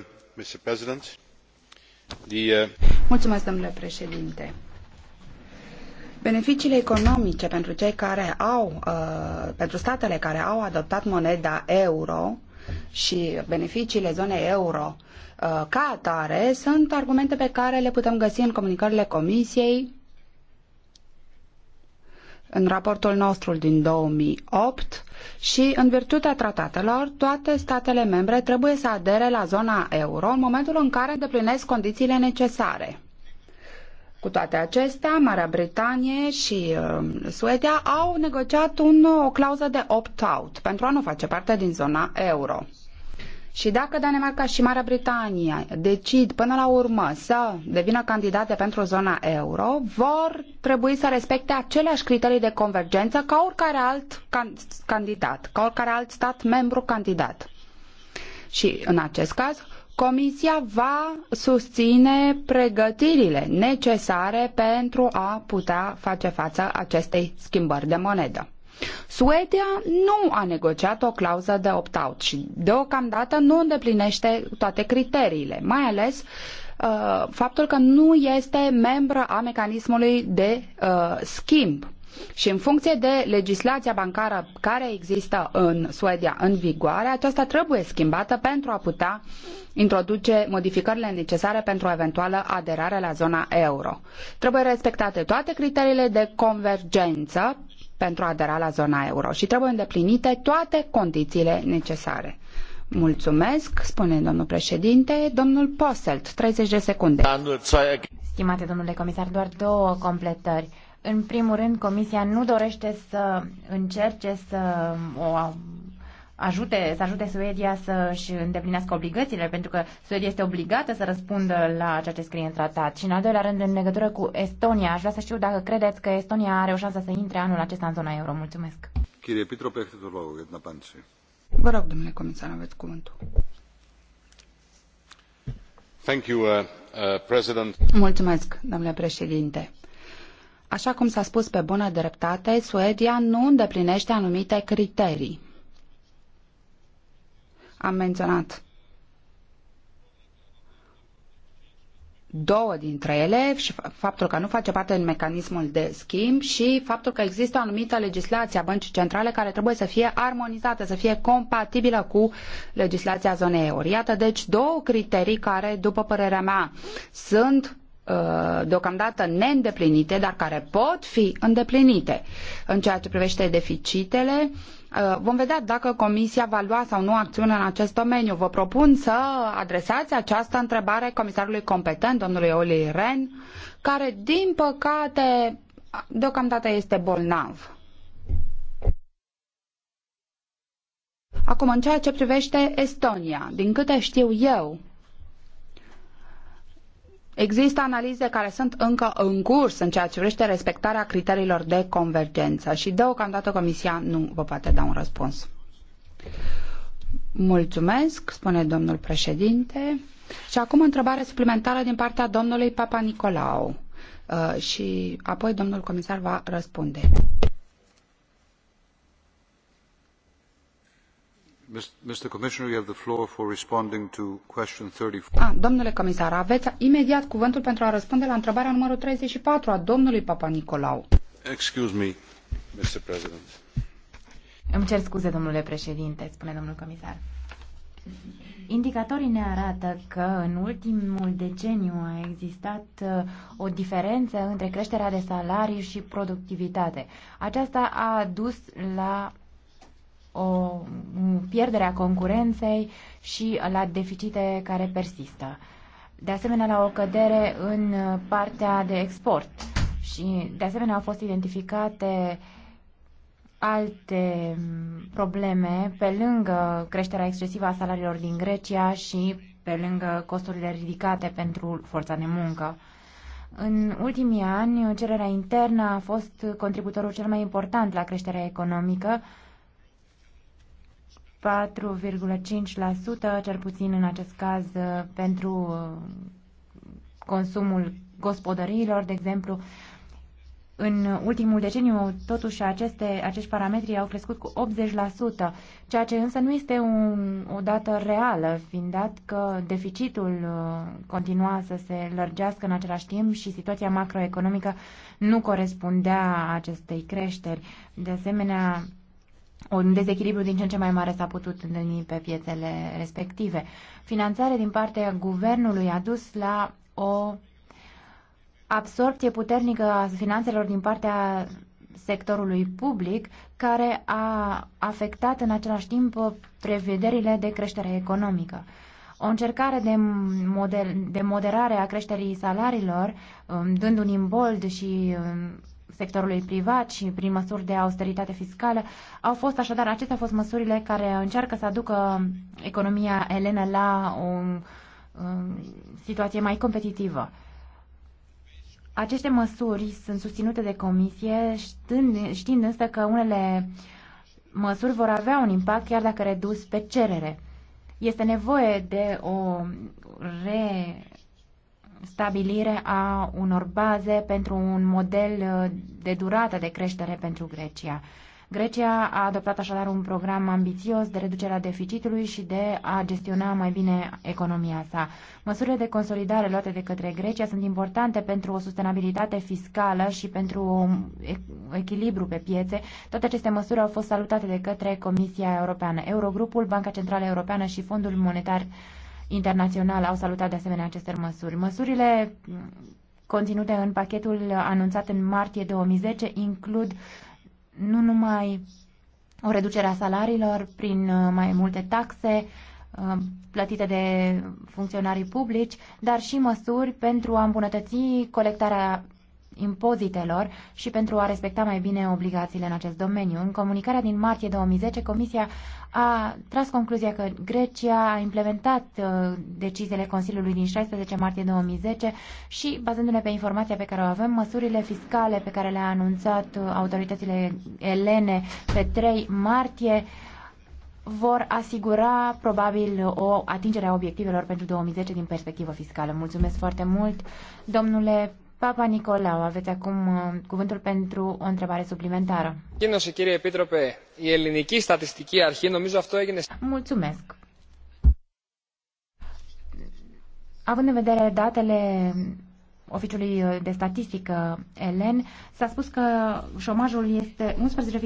beneficiile economice pentru cei care au uh, pentru statele care au adoptat moneda euro și beneficiile zonei euro ca atare sunt argumente pe care le putem găsi în comunicările comisiei în raportul nostru din 2008 și în virtutea tratatelor, toate statele membre trebuie să adere la zona euro în momentul în care îndeplinesc condițiile necesare. Cu toate acestea, Marea Britanie și uh, Suedia au negociat un, o clauză de opt-out pentru a nu face parte din zona euro. Și dacă Danemarca și Marea Britanie decid până la urmă să devină candidate pentru zona euro, vor trebui să respecte aceleași criterii de convergență ca oricare alt can candidat, ca oricare alt stat membru candidat. Și în acest caz, Comisia va susține pregătirile necesare pentru a putea face față acestei schimbări de monedă. Suedia nu a negociat o clauză de opt-out și deocamdată nu îndeplinește toate criteriile, mai ales uh, faptul că nu este membră a mecanismului de uh, schimb. Și în funcție de legislația bancară care există în Suedia în vigoare, aceasta trebuie schimbată pentru a putea introduce modificările necesare pentru o eventuală aderare la zona euro. Trebuie respectate toate criteriile de convergență pentru a adera la zona euro și trebuie îndeplinite toate condițiile necesare. Mulțumesc, spune domnul președinte, domnul Poselt, 30 de secunde. Stimate domnule comisar, doar două completări. În primul rând, Comisia nu dorește să încerce să o ajute, să ajute Suedia să-și îndeplinească obligațiile, pentru că Suedia este obligată să răspundă la ceea ce scrie în tratat. Și în al doilea rând, în legătură cu Estonia, aș vrea să știu dacă credeți că Estonia are o șansă să intre anul acesta în zona euro. Mulțumesc. Chirie Pitro, pe Vă rog, domnule comisar, aveți cuvântul. Thank you, uh, uh, President. Mulțumesc, domnule președinte. Așa cum s-a spus pe bună dreptate, Suedia nu îndeplinește anumite criterii am menționat două dintre ele și faptul că nu face parte din mecanismul de schimb și faptul că există o anumită legislație a băncii centrale care trebuie să fie armonizată, să fie compatibilă cu legislația zonei euro. Iată deci două criterii care, după părerea mea, sunt Uh, deocamdată neîndeplinite, dar care pot fi îndeplinite. În ceea ce privește deficitele, uh, vom vedea dacă Comisia va lua sau nu acțiune în acest domeniu. Vă propun să adresați această întrebare comisarului competent, domnului Oli Ren, care, din păcate, deocamdată este bolnav. Acum, în ceea ce privește Estonia, din câte știu eu, Există analize care sunt încă în curs în ceea ce privește respectarea criteriilor de convergență și deocamdată Comisia nu vă poate da un răspuns. Mulțumesc, spune domnul președinte. Și acum întrebare suplimentară din partea domnului Papa Nicolau. Uh, și apoi domnul comisar va răspunde. domnule comisar, aveți imediat cuvântul pentru a răspunde la întrebarea numărul 34 a domnului Papa Nicolau. Excuse Îmi cer scuze, domnule președinte, spune domnul comisar. Indicatorii ne arată că în ultimul deceniu a existat uh, o diferență între creșterea de salarii și productivitate. Aceasta a dus la o mm, pierdere a concurenței și la deficite care persistă. De asemenea, la o cădere în partea de export. Și, de asemenea, au fost identificate alte mm, probleme pe lângă creșterea excesivă a salariilor din Grecia și pe lângă costurile ridicate pentru forța de muncă. În ultimii ani, cererea internă a fost contributorul cel mai important la creșterea economică, 4,5%, cel puțin în acest caz uh, pentru uh, consumul gospodăriilor, de exemplu. În ultimul deceniu, totuși, aceste, acești parametri au crescut cu 80%, ceea ce însă nu este un, o dată reală, fiind dat că deficitul uh, continua să se lărgească în același timp și situația macroeconomică nu corespundea acestei creșteri. De asemenea, un dezechilibru din ce în ce mai mare s-a putut întâlni pe piețele respective. Finanțarea din partea guvernului a dus la o absorpție puternică a finanțelor din partea sectorului public, care a afectat în același timp prevederile de creștere economică. O încercare de, model, de moderare a creșterii salariilor, um, dând un imbold și um, sectorului privat și prin măsuri de austeritate fiscală. Au fost așadar, acestea au fost măsurile care încearcă să aducă economia elenă la o, o um, situație mai competitivă. Aceste măsuri sunt susținute de comisie, știind, știind însă că unele măsuri vor avea un impact chiar dacă redus pe cerere. Este nevoie de o re stabilire a unor baze pentru un model uh, de durată de creștere pentru Grecia. Grecia a adoptat așadar un program ambițios de reducere a deficitului și de a gestiona mai bine economia sa. Măsurile de consolidare luate de către Grecia sunt importante pentru o sustenabilitate fiscală și pentru un echilibru pe piețe. Toate aceste măsuri au fost salutate de către Comisia Europeană, Eurogrupul, Banca Centrală Europeană și Fondul Monetar internațional au salutat de asemenea aceste măsuri. Măsurile conținute în pachetul anunțat în martie 2010 includ nu numai o reducere a salariilor prin uh, mai multe taxe uh, plătite de funcționarii publici, dar și măsuri pentru a îmbunătăți colectarea impozitelor și pentru a respecta mai bine obligațiile în acest domeniu. În comunicarea din martie 2010, Comisia a tras concluzia că Grecia a implementat uh, deciziile Consiliului din 16 martie 2010 și, bazându-ne pe informația pe care o avem, măsurile fiscale pe care le-a anunțat uh, autoritățile elene pe 3 martie vor asigura probabil o atingere a obiectivelor pentru 2010 din perspectivă fiscală. Mulțumesc foarte mult, domnule Papa Nicolau, aveți acum uh, cuvântul pentru o întrebare suplimentară. Mulțumesc. Având în vedere datele Oficiului de Statistică Elen, s-a spus că șomajul este 11,3%.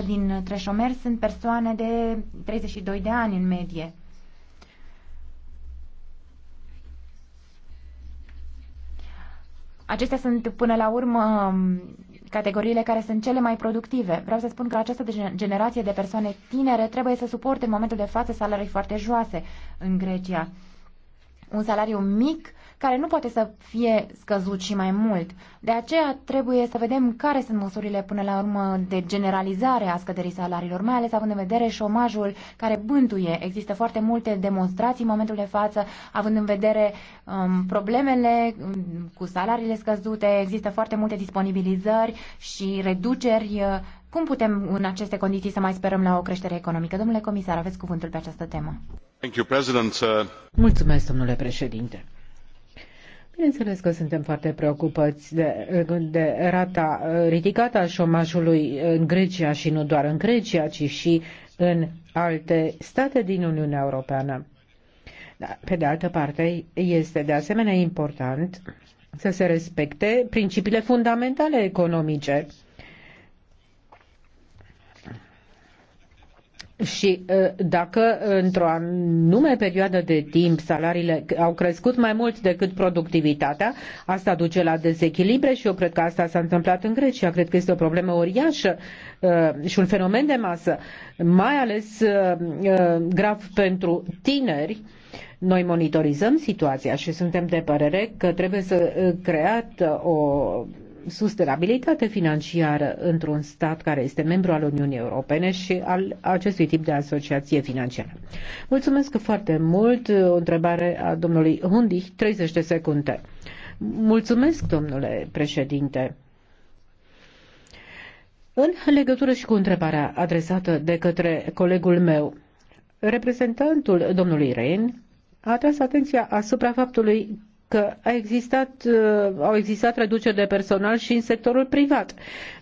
54% dintre șomeri sunt persoane de 32 de ani în medie. Acestea sunt, până la urmă, categoriile care sunt cele mai productive. Vreau să spun că această generație de persoane tinere trebuie să suporte în momentul de față salarii foarte joase în Grecia. Un salariu mic care nu poate să fie scăzut și mai mult. De aceea trebuie să vedem care sunt măsurile până la urmă de generalizare a scăderii salariilor, mai ales având în vedere șomajul care bântuie. Există foarte multe demonstrații în momentul de față, având în vedere um, problemele um, cu salariile scăzute, există foarte multe disponibilizări și reduceri cum putem în aceste condiții să mai sperăm la o creștere economică? Domnule comisar, aveți cuvântul pe această temă. Mulțumesc, domnule președinte. Bineînțeles că suntem foarte preocupați de, de rata uh, ridicată a șomajului în Grecia și nu doar în Grecia, ci și în alte state din Uniunea Europeană. Da, pe de altă parte, este de asemenea important să se respecte principiile fundamentale economice și uh, dacă uh, într-o anume perioadă de timp salariile au crescut mai mult decât productivitatea, asta duce la dezechilibre și eu cred că asta s-a întâmplat în Grecia. Cred că este o problemă uriașă uh, și un fenomen de masă, mai ales grav pentru tineri. Noi monitorizăm situația și suntem de părere că trebuie să creat o sustenabilitate financiară într-un stat care este membru al Uniunii Europene și al acestui tip de asociație financiară. Mulțumesc foarte mult. O întrebare a domnului Hundi, 30 de secunde. Mulțumesc, domnule președinte. În legătură și cu întrebarea adresată de către colegul meu, reprezentantul domnului Ren a tras atenția asupra faptului că a existat, uh, au existat reduceri de personal și în sectorul privat,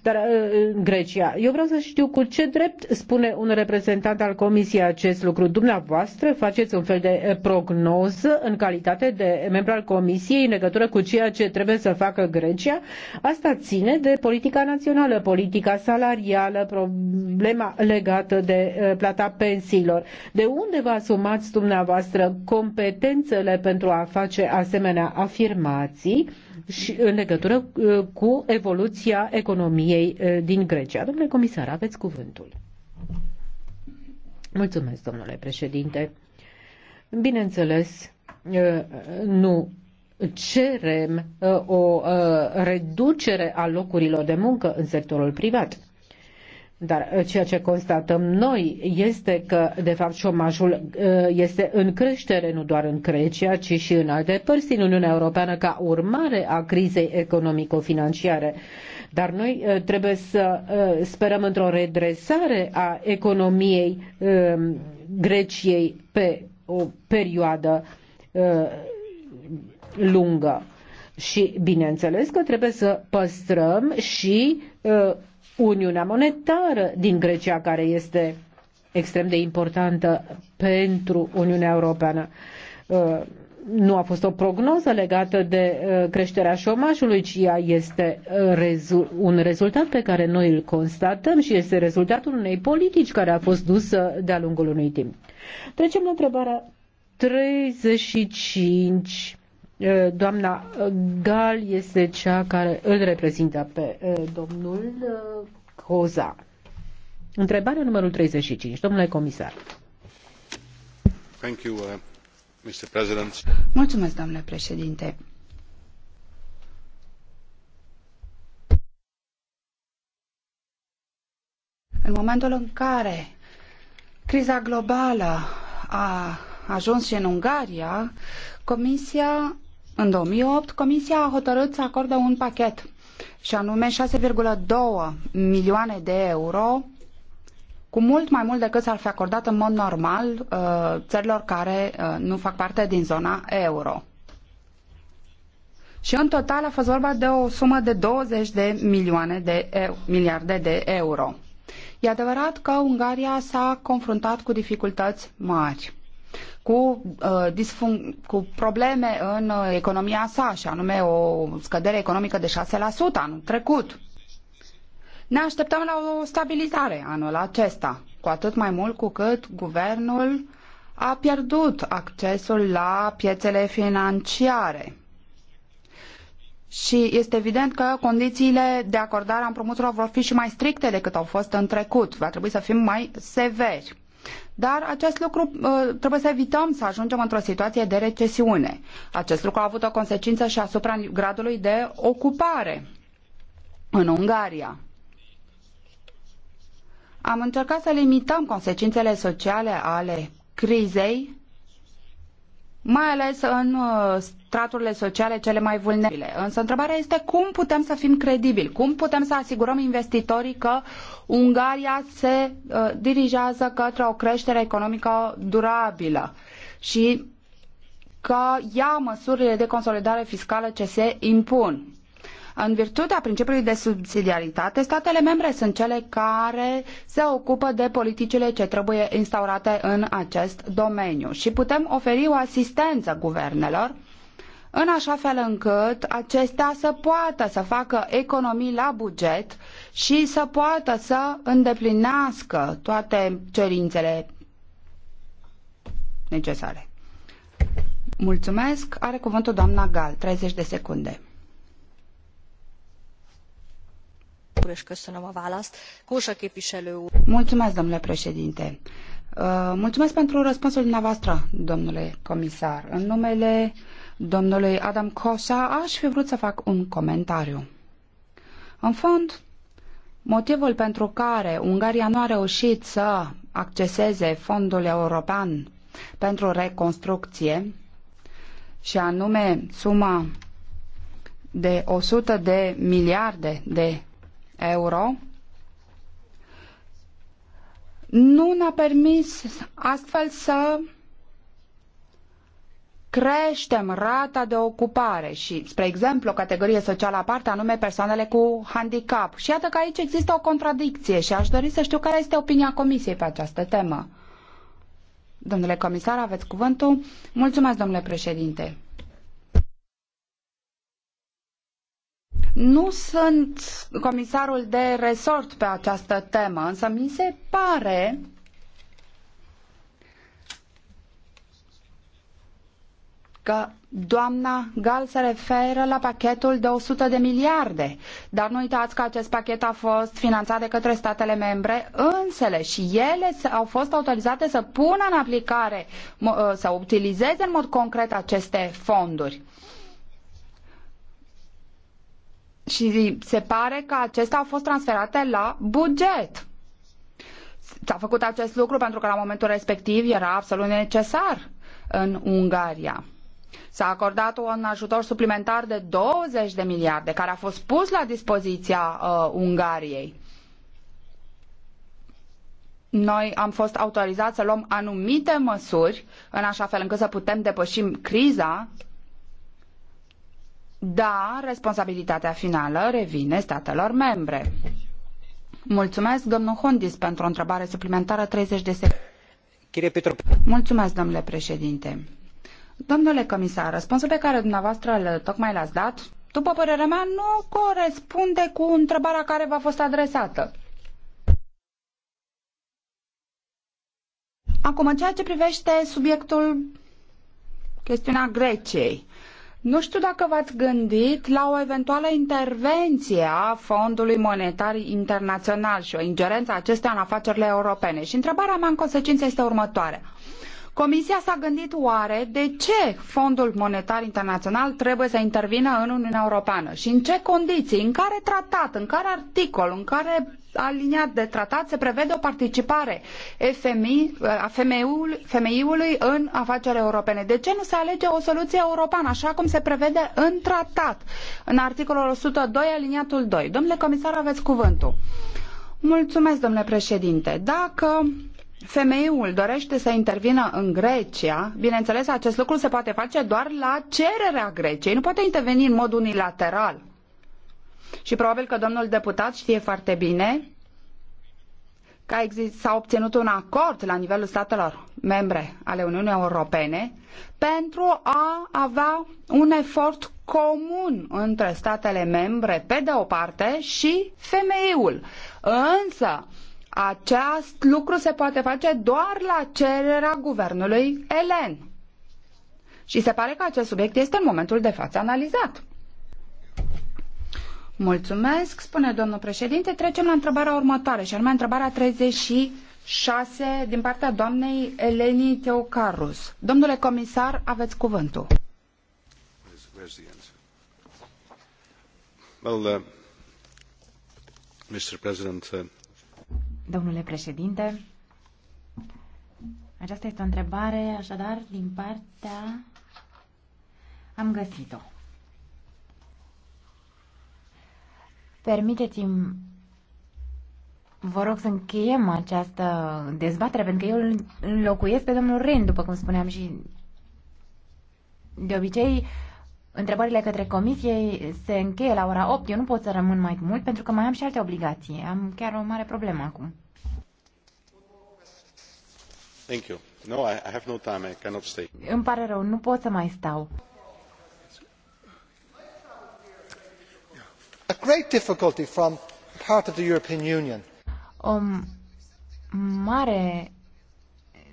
dar uh, în Grecia. Eu vreau să știu cu ce drept spune un reprezentant al Comisiei acest lucru. Dumneavoastră faceți un fel de uh, prognoză în calitate de membru al Comisiei în legătură cu ceea ce trebuie să facă Grecia. Asta ține de politica națională, politica salarială, problema legată de plata pensiilor. De unde vă asumați dumneavoastră competențele pentru a face asemenea asemenea afirmații și în legătură uh, cu evoluția economiei uh, din Grecia. Domnule comisar, aveți cuvântul. Mulțumesc, domnule președinte. Bineînțeles, uh, nu cerem o reducere a locurilor de muncă în sectorul privat. Dar uh, ceea ce constatăm noi este că, de fapt, șomajul uh, este în creștere nu doar în Grecia, ci și în alte părți din Uniunea Europeană ca urmare a crizei economico-financiare. Dar noi uh, trebuie să sperăm într-o redresare a economiei um, Greciei pe o perioadă lungă. Și bineînțeles că trebuie să păstrăm și Uniunea Monetară din Grecia, care este extrem de importantă pentru Uniunea Europeană. Uh, nu a fost o prognoză legată de uh, creșterea șomajului, ci ea este uh, un rezultat pe care noi îl constatăm și este rezultatul unei politici care a fost dusă de-a lungul unui timp. Trecem la întrebarea 35 Doamna Gal este cea care îl reprezintă pe domnul Coza. Întrebarea numărul 35. Domnule comisar. Thank you, uh, Mr. President. Mulțumesc, domnule președinte. În momentul în care criza globală a ajuns și în Ungaria, Comisia în 2008, Comisia a hotărât să acorde un pachet și anume 6,2 milioane de euro cu mult mai mult decât s-ar fi acordat în mod normal uh, țărilor care uh, nu fac parte din zona euro. Și în total a fost vorba de o sumă de 20 de milioane de miliarde de euro. E adevărat că Ungaria s-a confruntat cu dificultăți mari cu, uh, cu probleme în uh, economia sa, și anume o scădere economică de 6% anul trecut. Ne așteptăm la o stabilizare anul acesta, cu atât mai mult cu cât guvernul a pierdut accesul la piețele financiare. Și este evident că condițiile de acordare a împrumuturilor vor fi și mai stricte decât au fost în trecut. Va trebui să fim mai severi. Dar acest lucru uh, trebuie să evităm să ajungem într-o situație de recesiune. Acest lucru a avut o consecință și asupra gradului de ocupare în Ungaria. Am încercat să limităm consecințele sociale ale crizei mai ales în uh, straturile sociale cele mai vulnerabile. Însă întrebarea este cum putem să fim credibili, cum putem să asigurăm investitorii că Ungaria se uh, dirigează către o creștere economică durabilă și că ia măsurile de consolidare fiscală ce se impun. În virtutea principiului de subsidiaritate, statele membre sunt cele care se ocupă de politicile ce trebuie instaurate în acest domeniu și putem oferi o asistență guvernelor în așa fel încât acestea să poată să facă economii la buget și să poată să îndeplinească toate cerințele necesare. Mulțumesc. Are cuvântul doamna Gal. 30 de secunde. Mulțumesc, domnule președinte. Uh, mulțumesc pentru răspunsul dumneavoastră, domnule comisar. În numele domnului Adam Cosa aș fi vrut să fac un comentariu. În fond, motivul pentru care Ungaria nu a reușit să acceseze fondul european pentru reconstrucție și anume suma de 100 de miliarde de euro nu ne-a permis astfel să creștem rata de ocupare și, spre exemplu, o categorie socială aparte, anume persoanele cu handicap. Și iată că aici există o contradicție și aș dori să știu care este opinia Comisiei pe această temă. Domnule comisar, aveți cuvântul. Mulțumesc, domnule președinte. Nu sunt comisarul de resort pe această temă, însă mi se pare că doamna Gal se referă la pachetul de 100 de miliarde. Dar nu uitați că acest pachet a fost finanțat de către statele membre însele și ele au fost autorizate să pună în aplicare, să utilizeze în mod concret aceste fonduri și se pare că acestea au fost transferate la buget. S-a făcut acest lucru pentru că la momentul respectiv era absolut necesar în Ungaria. S-a acordat un ajutor suplimentar de 20 de miliarde care a fost pus la dispoziția uh, Ungariei. Noi am fost autorizați să luăm anumite măsuri în așa fel încât să putem depăși criza da, responsabilitatea finală revine statelor membre. Mulțumesc, domnul Hondis, pentru o întrebare suplimentară 30 de secunde. Mulțumesc, domnule președinte. Domnule comisar, răspunsul pe care dumneavoastră îl tocmai l-ați dat, după părerea mea, nu corespunde cu întrebarea care v-a fost adresată. Acum, în ceea ce privește subiectul, chestiunea Greciei, nu știu dacă v-ați gândit la o eventuală intervenție a Fondului Monetar Internațional și o ingerență a acestea în afacerile europene. Și întrebarea mea în consecință este următoare: Comisia s-a gândit oare de ce Fondul Monetar Internațional trebuie să intervină în Uniunea Europeană și în ce condiții, în care tratat, în care articol, în care aliniat de tratat se prevede o participare FMI, a femeiului, în afaceri europene. De ce nu se alege o soluție europeană, așa cum se prevede în tratat, în articolul 102, aliniatul 2? Domnule comisar, aveți cuvântul. Mulțumesc, domnule președinte. Dacă femeiul dorește să intervină în Grecia, bineînțeles, acest lucru se poate face doar la cererea Greciei, nu poate interveni în mod unilateral. Și probabil că domnul deputat știe foarte bine că s-a obținut un acord la nivelul statelor membre ale Uniunii Europene pentru a avea un efort comun între statele membre, pe de o parte, și femeiul. Însă, acest lucru se poate face doar la cererea guvernului elen. Și se pare că acest subiect este în momentul de față analizat. Mulțumesc, spune domnul președinte. Trecem la întrebarea următoare, și anume întrebarea 36 din partea doamnei Eleni Teocarus. Domnule comisar, aveți cuvântul. Well, uh, Mr. President, uh... Domnule președinte, aceasta este o întrebare, așadar, din partea... Am găsit-o. Permiteți-mi, vă rog să încheiem această dezbatere, pentru că eu îl înlocuiesc pe domnul Ren, după cum spuneam și de obicei întrebările către comisie se încheie la ora 8. Eu nu pot să rămân mai mult pentru că mai am și alte obligații. Am chiar o mare problemă acum. Thank you. No, I have no time. I cannot stay. Îmi pare rău, nu pot să mai stau. great difficulty part of the european union. o mare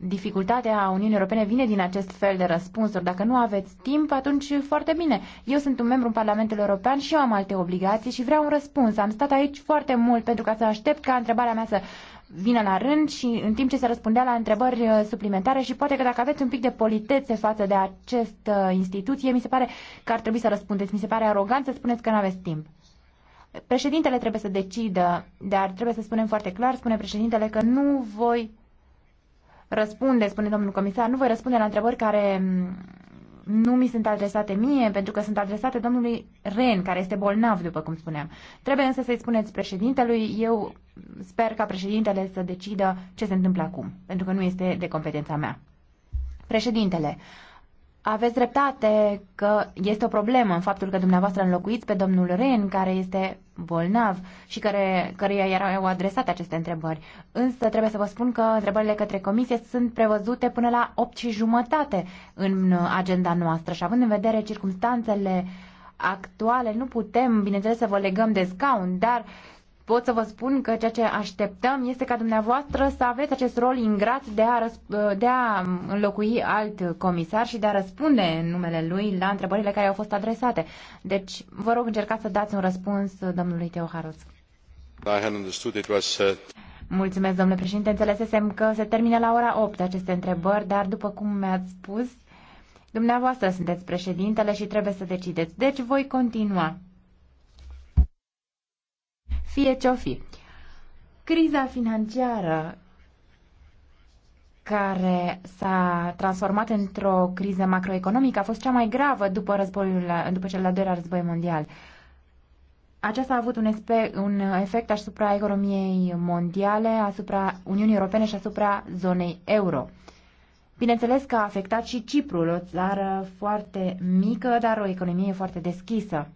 dificultate a Uniunii Europene vine din acest fel de răspunsuri. Dacă nu aveți timp, atunci foarte bine. Eu sunt un membru în Parlamentul European și eu am alte obligații și vreau un răspuns. Am stat aici foarte mult pentru ca să aștept ca întrebarea mea să vină la rând și în timp ce se răspundea la întrebări uh, suplimentare și poate că dacă aveți un pic de politețe față de această instituție, mi se pare că ar trebui să răspundeți. Mi se pare arogant să spuneți că nu aveți timp. Președintele trebuie să decidă, dar trebuie să spunem foarte clar, spune președintele, că nu voi răspunde, spune domnul comisar, nu voi răspunde la întrebări care mm, nu mi sunt adresate mie, pentru că sunt adresate domnului Ren, care este bolnav, după cum spuneam. Trebuie însă să-i spuneți președintelui, eu sper ca președintele să decidă ce se întâmplă acum, pentru că nu este de competența mea. Președintele, uh, aveți dreptate că este o problemă în faptul că dumneavoastră înlocuiți pe domnul Ren, care este bolnav și care, căruia erau adresate aceste întrebări. Însă trebuie să vă spun că întrebările către comisie sunt prevăzute până la 8 și jumătate în agenda noastră și având în vedere circumstanțele actuale, nu putem, bineînțeles, să vă legăm de scaun, dar pot să vă spun că ceea ce așteptăm este ca dumneavoastră să aveți acest rol ingrat de a, de a înlocui alt comisar și de a răspunde în numele lui la întrebările care au fost adresate. Deci, vă rog, încercați să dați un răspuns domnului Teoharus. Uh, Mulțumesc, domnule președinte. Înțelesesem că se termină la ora 8 aceste întrebări, dar după cum mi-ați spus, dumneavoastră sunteți președintele și trebuie să decideți. Deci voi continua fie ce-o fi. Criza financiară care s-a transformat într-o criză macroeconomică a fost cea mai gravă după, războiul, după cel de-al doilea război mondial. Aceasta a avut un, aspect, un efect asupra economiei mondiale, asupra Uniunii Europene și asupra zonei euro. Bineînțeles că a afectat și Ciprul, o țară foarte mică, dar o economie foarte deschisă.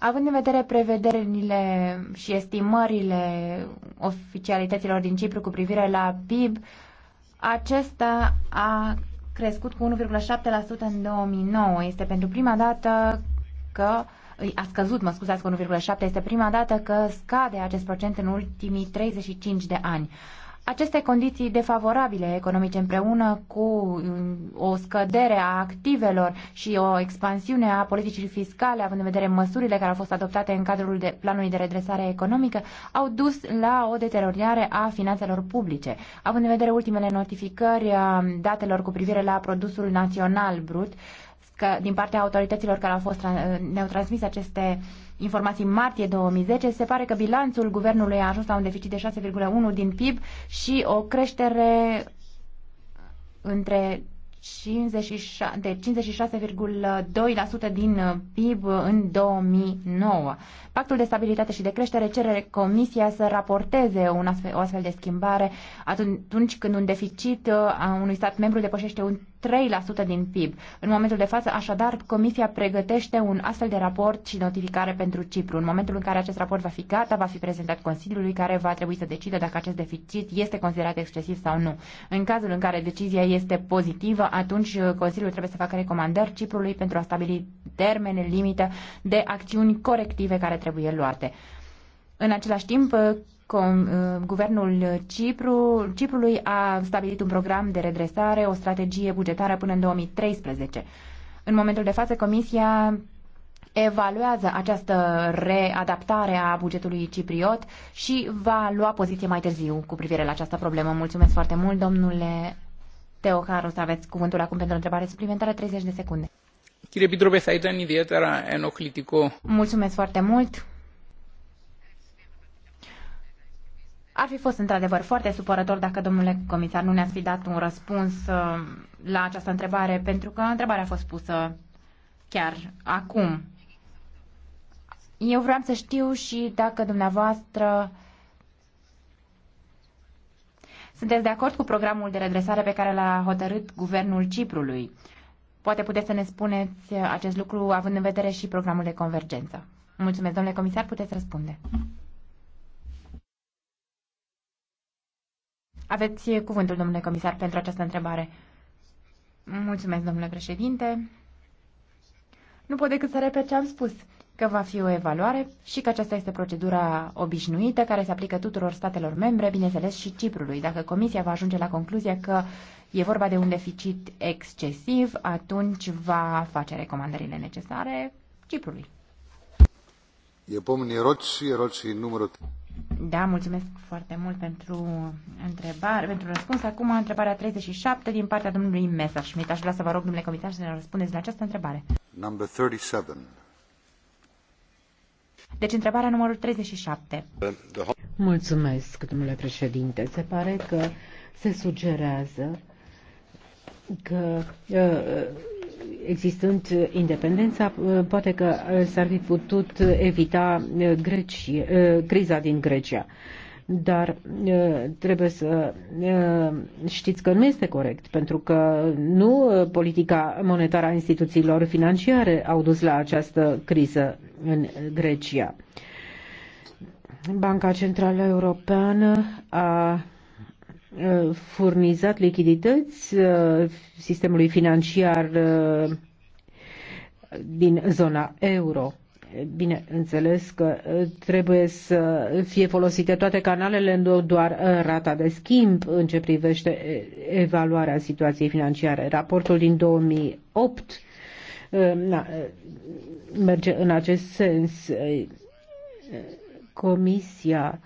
Având în vedere prevederile și estimările oficialităților din Cipru cu privire la PIB, acesta a crescut cu 1,7% în 2009. Este pentru prima dată că a scăzut, mă scuzați, cu 1,7. Este prima dată că scade acest procent în ultimii 35 de ani. Aceste condiții defavorabile economice împreună cu um, o scădere a activelor și o expansiune a politicii fiscale, având în vedere măsurile care au fost adoptate în cadrul de planului de redresare economică, au dus la o deteriorare a finanțelor publice. Având în vedere ultimele notificări um, datelor cu privire la produsul național brut, că din partea autorităților care au fost, uh, ne-au transmis aceste uh, informații martie 2010, se pare că bilanțul guvernului a ajuns la un deficit de 6,1 din PIB și o creștere între 56, de 56,2% din PIB în 2009. Pactul de stabilitate și de creștere cere Comisia să raporteze un astfel, o astfel de schimbare atunci când un deficit uh, a unui stat membru depășește un 3% din PIB. În momentul de față, așadar, Comisia pregătește un astfel de raport și notificare pentru Cipru. În momentul în care acest raport va fi gata, va fi prezentat Consiliului, care va trebui să decide dacă acest deficit este considerat excesiv sau nu. În cazul în care decizia este pozitivă, atunci uh, Consiliul trebuie să facă recomandări Ciprului pentru a stabili termene limită de acțiuni corective care trebuie trebuie luate. În același timp, uh, guvernul Cipru, Ciprului a stabilit un program de redresare, o strategie bugetară până în 2013. În momentul de față, Comisia evaluează această readaptare a bugetului cipriot și va lua poziție mai târziu cu privire la această problemă. Mulțumesc foarte mult, domnule să Aveți cuvântul acum pentru o întrebare suplimentară, 30 de secunde. Mulțumesc foarte mult. Ar fi fost într-adevăr foarte supărător dacă domnule comisar nu ne-ați fi dat un răspuns uh, la această întrebare, pentru că întrebarea a fost pusă chiar acum. Eu vreau să știu și dacă dumneavoastră sunteți de acord cu programul de redresare pe care l-a hotărât guvernul Ciprului. Poate puteți să ne spuneți acest lucru având în vedere și programul de convergență. Mulțumesc, domnule comisar, puteți răspunde. Aveți cuvântul, domnule comisar, pentru această întrebare. Mulțumesc, domnule președinte. Nu pot decât să repet ce am spus că va fi o evaluare și că aceasta este procedura obișnuită care se aplică tuturor statelor membre, bineînțeles și Ciprului. Dacă Comisia va ajunge la concluzia că e vorba de un deficit excesiv, atunci va face recomandările necesare Ciprului. E numărul. Da, mulțumesc foarte mult pentru întrebare, pentru răspuns. Acum, întrebarea 37 din partea domnului Messerschmidt. Aș vrea să vă rog, domnule comisar, să ne răspundeți la această întrebare. Number 37. Deci întrebarea numărul 37. Mulțumesc, domnule președinte. Se pare că se sugerează că uh, existând independența, uh, poate că s-ar fi putut evita uh, Greci, criza din Grecia dar trebuie să știți că nu este corect, pentru că nu politica monetară a instituțiilor financiare au dus la această criză în Grecia. Banca Centrală Europeană a furnizat lichidități sistemului financiar din zona euro. Bine, înțeles că uh, trebuie să fie folosite toate canalele, nu doar uh, rata de schimb în ce privește uh, evaluarea situației financiare. Raportul din 2008 na, merge în acest sens. Comisia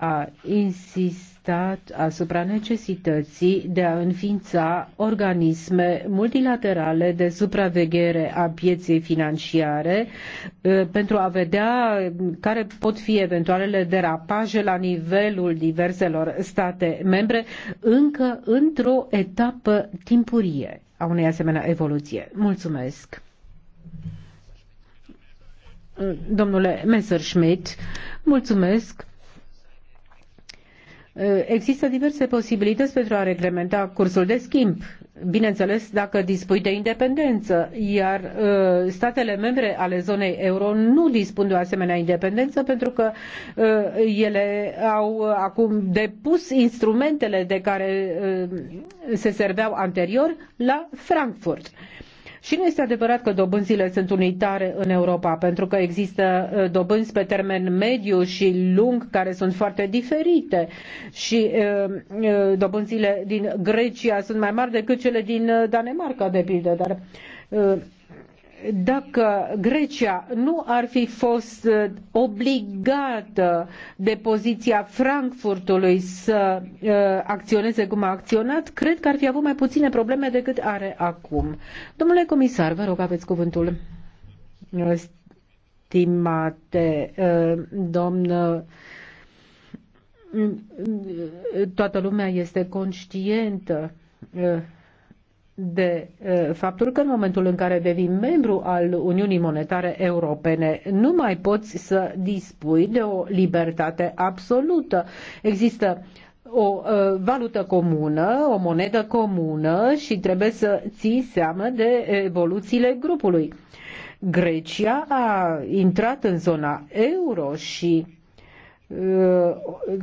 a insistat asupra necesității de a înființa organisme multilaterale de supraveghere a pieței financiare pentru a vedea care pot fi eventualele derapaje la nivelul diverselor state membre încă într-o etapă timpurie a unei asemenea evoluție. Mulțumesc! Domnule Messerschmidt, mulțumesc! Eh, există diverse posibilități pentru a reglementa cursul de schimb, bineînțeles dacă dispui de independență, iar eh, statele membre ale zonei euro nu dispun de o asemenea independență pentru că eh, ele au acum depus instrumentele de care se serveau anterior la Frankfurt. Și nu este adevărat că dobânzile sunt unitare în Europa, pentru că există uh, dobânzi pe termen mediu și lung care sunt foarte diferite și uh, uh, dobânzile din Grecia sunt mai mari decât cele din Danemarca, de pildă, dar dacă Grecia nu ar fi fost uh, obligată de poziția Frankfurtului să uh, acționeze cum a acționat, cred că ar fi avut mai puține probleme decât are acum. Domnule comisar, vă rog, aveți cuvântul. Stimate uh, domn mm, mm, toată lumea este conștientă de faptul că în momentul în care devii membru al Uniunii Monetare Europene nu mai poți să dispui de o libertate absolută. Există o valută comună, o monedă comună și trebuie să ții seama de evoluțiile grupului. Grecia a intrat în zona euro și Uh,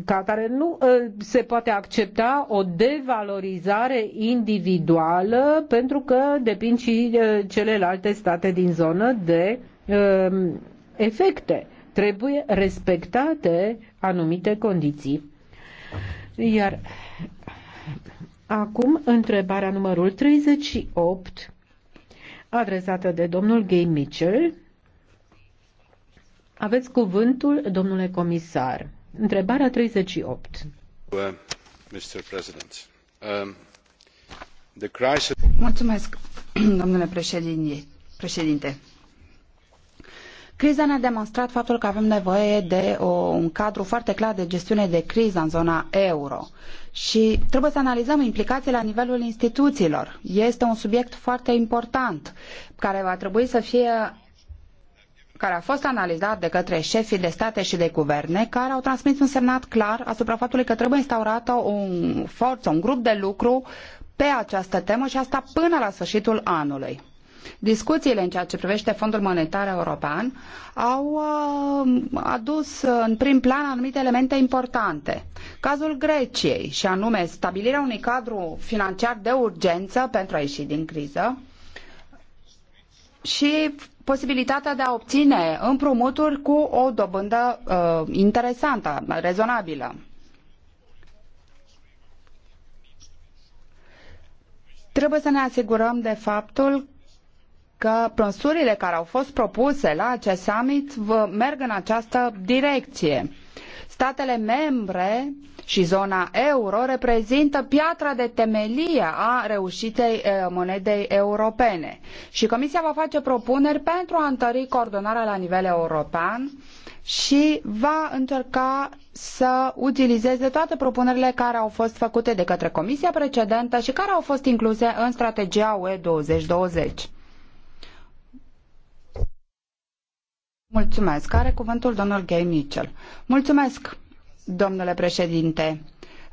ca care nu uh, se poate accepta o devalorizare individuală pentru că depind și uh, celelalte state din zonă de um, efecte. Trebuie respectate anumite condiții. Iar acum întrebarea numărul 38 adresată de domnul Gay Mitchell aveți cuvântul, domnule comisar. Întrebarea 38. Mr. President. Um, the crisis... Mulțumesc, domnule președinte. Criza ne-a demonstrat faptul că avem nevoie de o, un cadru foarte clar de gestiune de criză în zona euro și trebuie să analizăm implicațiile la nivelul instituțiilor. Este un subiect foarte important care va trebui să fie care a fost analizat de către șefii de state și de guverne, care au transmis un semnat clar asupra faptului că trebuie instaurată o forță, un grup de lucru pe această temă și asta până la sfârșitul anului. Discuțiile în ceea ce privește Fondul Monetar European au uh, adus în prim plan anumite elemente importante. Cazul Greciei și anume stabilirea unui cadru financiar de urgență pentru a ieși din criză și posibilitatea de a obține împrumuturi cu o dobândă uh, interesantă, rezonabilă. Trebuie să ne asigurăm de faptul că măsurile care au fost propuse la acest summit merg în această direcție. Statele membre și zona euro reprezintă piatra de temelie a reușitei eh, monedei europene. Și Comisia va face propuneri pentru a întări coordonarea la nivel european și va încerca să utilizeze toate propunerile care au fost făcute de către Comisia precedentă și care au fost incluse în strategia UE 2020. Mulțumesc. Are cuvântul domnul Gay Mitchell. Mulțumesc domnule președinte.